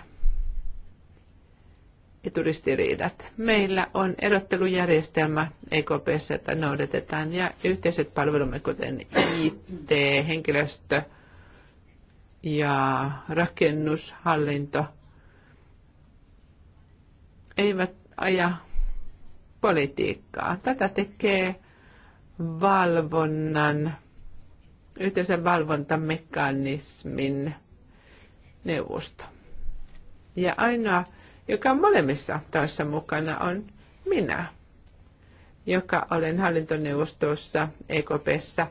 eturistiriidat. Meillä on erottelujärjestelmä EKPssä, että noudatetaan, ja yhteiset palvelumme, kuten IT, henkilöstö ja rakennushallinto, eivät aja politiikkaa. Tätä tekee valvonnan, yhteisen valvontamekanismin neuvosto. Ja ainoa joka on molemmissa taissa mukana, on minä, joka olen hallintoneuvostossa, EKPssä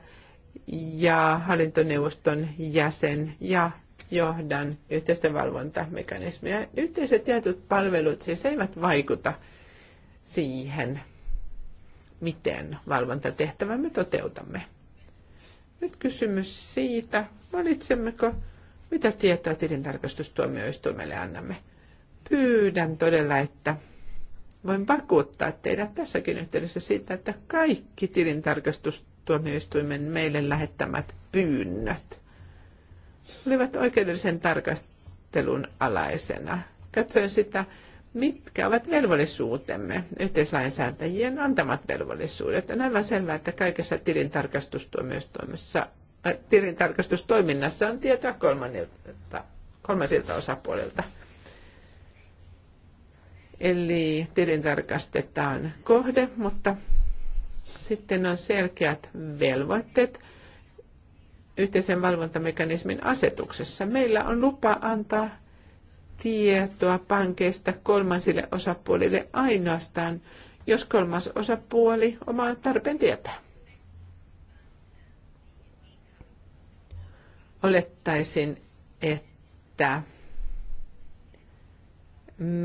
ja hallintoneuvoston jäsen ja johdan yhteistä valvontamekanismia. Yhteiset tietyt palvelut siis eivät vaikuta siihen, miten valvontatehtävämme toteutamme. Nyt kysymys siitä, valitsemmeko, mitä tietoa tilintarkastustuomioistuimelle annamme. Pyydän todella, että voin vakuuttaa teidät tässäkin yhteydessä siitä, että kaikki tilintarkastustuomioistuimen meille lähettämät pyynnöt olivat oikeudellisen tarkastelun alaisena. Katsoin sitä, mitkä ovat velvollisuutemme, yhteislainsäätäjien antamat velvollisuudet. On aivan selvää, että kaikessa tilintarkastustuomioistuimessa äh, tilintarkastustoiminnassa on tietoa kolmansilta osapuolilta. Eli tilintarkastetaan kohde, mutta sitten on selkeät velvoitteet yhteisen valvontamekanismin asetuksessa. Meillä on lupa antaa tietoa pankeista kolmansille osapuolille ainoastaan, jos kolmas osapuoli omaa tarpeen tietää. Olettaisin, että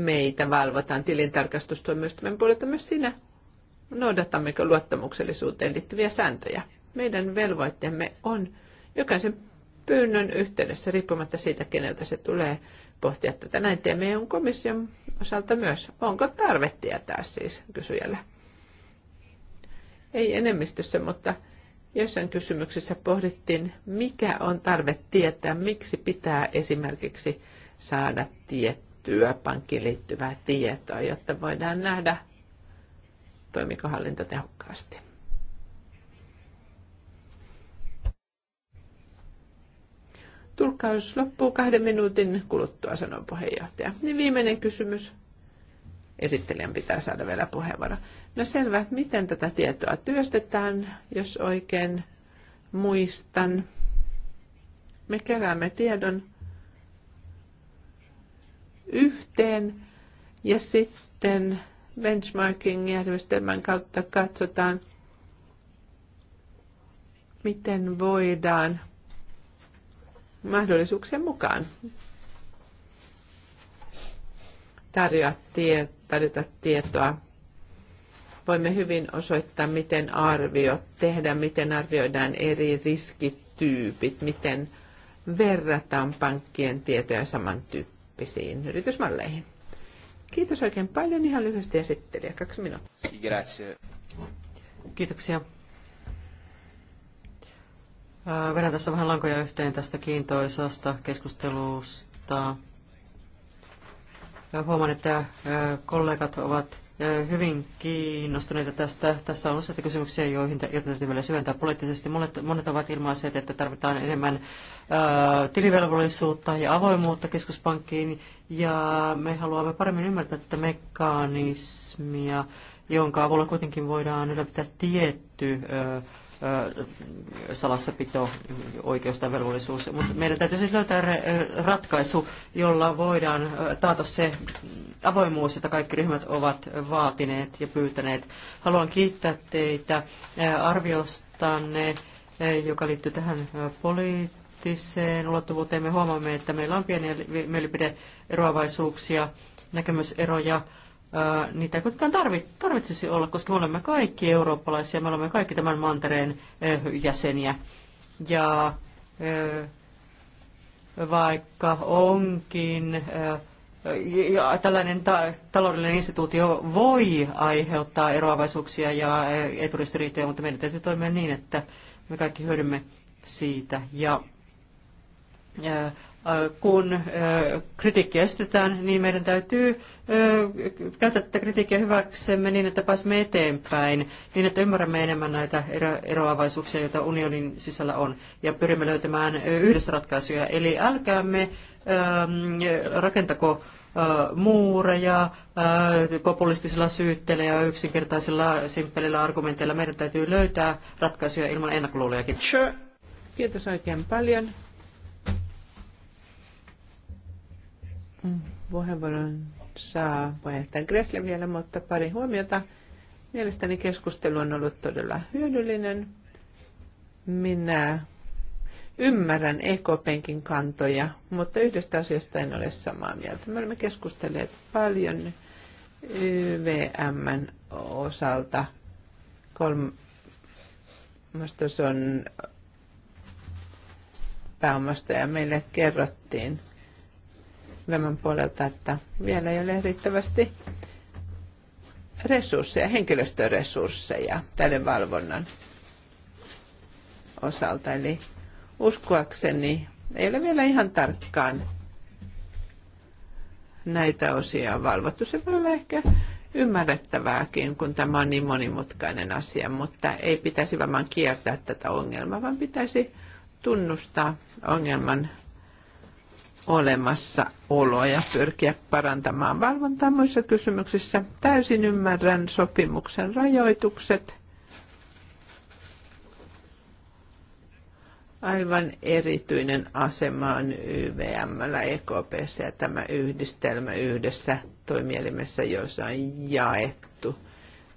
meitä valvotaan tilintarkastustuomioistuimen puolelta myös sinä. Noudatammeko luottamuksellisuuteen liittyviä sääntöjä? Meidän velvoitteemme on jokaisen pyynnön yhteydessä, riippumatta siitä, keneltä se tulee, pohtia tätä. Näin teemme on komission osalta myös. Onko tarve tietää siis kysyjällä? Ei enemmistössä, mutta jossain kysymyksessä pohdittiin, mikä on tarve tietää, miksi pitää esimerkiksi saada tietää työpankkiin liittyvää tietoa, jotta voidaan nähdä, toimiko hallinto tehokkaasti. Tulkkaus loppuu kahden minuutin kuluttua, sanoo puheenjohtaja. Niin viimeinen kysymys. Esittelijän pitää saada vielä puheenvuoro. No selvä, miten tätä tietoa työstetään, jos oikein muistan. Me keräämme tiedon yhteen ja sitten benchmarking-järjestelmän kautta katsotaan, miten voidaan mahdollisuuksien mukaan tarjota, tie, tarjota tietoa. Voimme hyvin osoittaa, miten arviot tehdään, miten arvioidaan eri riskityypit, miten verrataan pankkien tietoja samantyyppisiin tyyppisiin yritysmalleihin. Kiitos oikein paljon. Ihan lyhyesti esittelijä. Kaksi minuuttia. Grazie. Kiitoksia. Vedän tässä vähän lankoja yhteen tästä kiintoisasta keskustelusta. Huomaan, että kollegat ovat hyvin kiinnostuneita tästä. Tässä on useita kysymyksiä, joihin täytyy vielä syventää poliittisesti. Monet, monet ovat ilmaiset, että tarvitaan enemmän ää, tilivelvollisuutta ja avoimuutta keskuspankkiin, ja me haluamme paremmin ymmärtää tätä mekanismia, jonka avulla kuitenkin voidaan ylläpitää tietty ää, salassapito, oikeus tai velvollisuus. Mutta meidän täytyy siis löytää ratkaisu, jolla voidaan taata se avoimuus, jota kaikki ryhmät ovat vaatineet ja pyytäneet. Haluan kiittää teitä arviostanne, joka liittyy tähän poliittiseen ulottuvuuteen. Me huomaamme, että meillä on pieniä mielipideeroavaisuuksia, näkemyseroja niitä kuitenkaan tarvitsisi olla, koska me olemme kaikki eurooppalaisia, me olemme kaikki tämän mantereen jäseniä. Ja vaikka onkin ja tällainen ta- taloudellinen instituutio voi aiheuttaa eroavaisuuksia ja eturistiriitoja, mutta meidän täytyy toimia niin, että me kaikki hyödymme siitä. Ja, kun kritiikkiä estetään, niin meidän täytyy käytä tätä kritiikkiä hyväksemme niin, että pääsemme eteenpäin, niin että ymmärrämme enemmän näitä eroavaisuuksia, joita unionin sisällä on, ja pyrimme löytämään yhdessä ratkaisuja. Eli älkäämme rakentako muureja populistisilla syytteillä ja yksinkertaisilla simppelillä argumenteilla. Meidän täytyy löytää ratkaisuja ilman ennakkoluulojakin. Kiitos oikein paljon. Mm, puheenvuoron saa puheenjohtaja Gressle vielä, mutta pari huomiota. Mielestäni keskustelu on ollut todella hyödyllinen. Minä ymmärrän ekopenkin kantoja, mutta yhdestä asiasta en ole samaa mieltä. Me olemme keskustelleet paljon YVMn osalta. Kolmasta on pääomasta ja meille kerrottiin, tämän puolelta, että vielä ei ole riittävästi resursseja, henkilöstöresursseja tälle valvonnan osalta. Eli uskoakseni ei ole vielä ihan tarkkaan näitä osia valvottu. Se voi olla ehkä ymmärrettävääkin, kun tämä on niin monimutkainen asia, mutta ei pitäisi varmaan kiertää tätä ongelmaa, vaan pitäisi tunnustaa ongelman olemassaoloa ja pyrkiä parantamaan valvontaa muissa kysymyksissä. Täysin ymmärrän sopimuksen rajoitukset. Aivan erityinen asema on YVM, EKPssä ja tämä yhdistelmä yhdessä toimielimessä, jossa on jaettu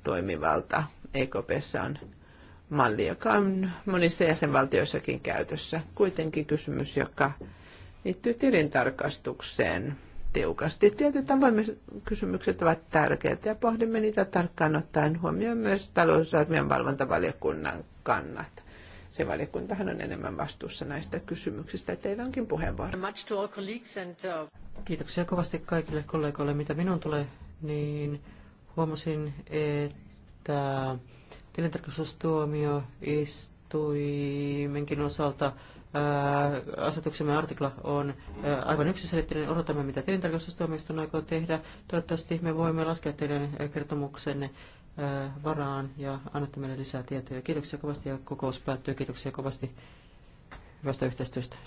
toimivalta. EKPssä on malli, joka on monissa jäsenvaltioissakin käytössä. Kuitenkin kysymys, joka liittyy tilintarkastukseen tiukasti. Tietyt avoimet kysymykset ovat tärkeitä ja pohdimme niitä tarkkaan ottaen huomioon myös talousarvion valvontavaliokunnan kannat. Se valiokuntahan on enemmän vastuussa näistä kysymyksistä. Teillä onkin puheenvuoro. Uh, Kiitoksia kovasti kaikille kollegoille. Mitä minun tulee, niin huomasin, että tilintarkastustuomioistuimenkin osalta – asetuksemme artikla on aivan yksiselitteinen. Odotamme, mitä tilintarkastustuomioistuin aikoo tehdä. Toivottavasti me voimme laskea teidän kertomuksenne varaan ja annatte meille lisää tietoja. Kiitoksia kovasti ja kokous päättyy. Kiitoksia kovasti hyvästä yhteistyöstä.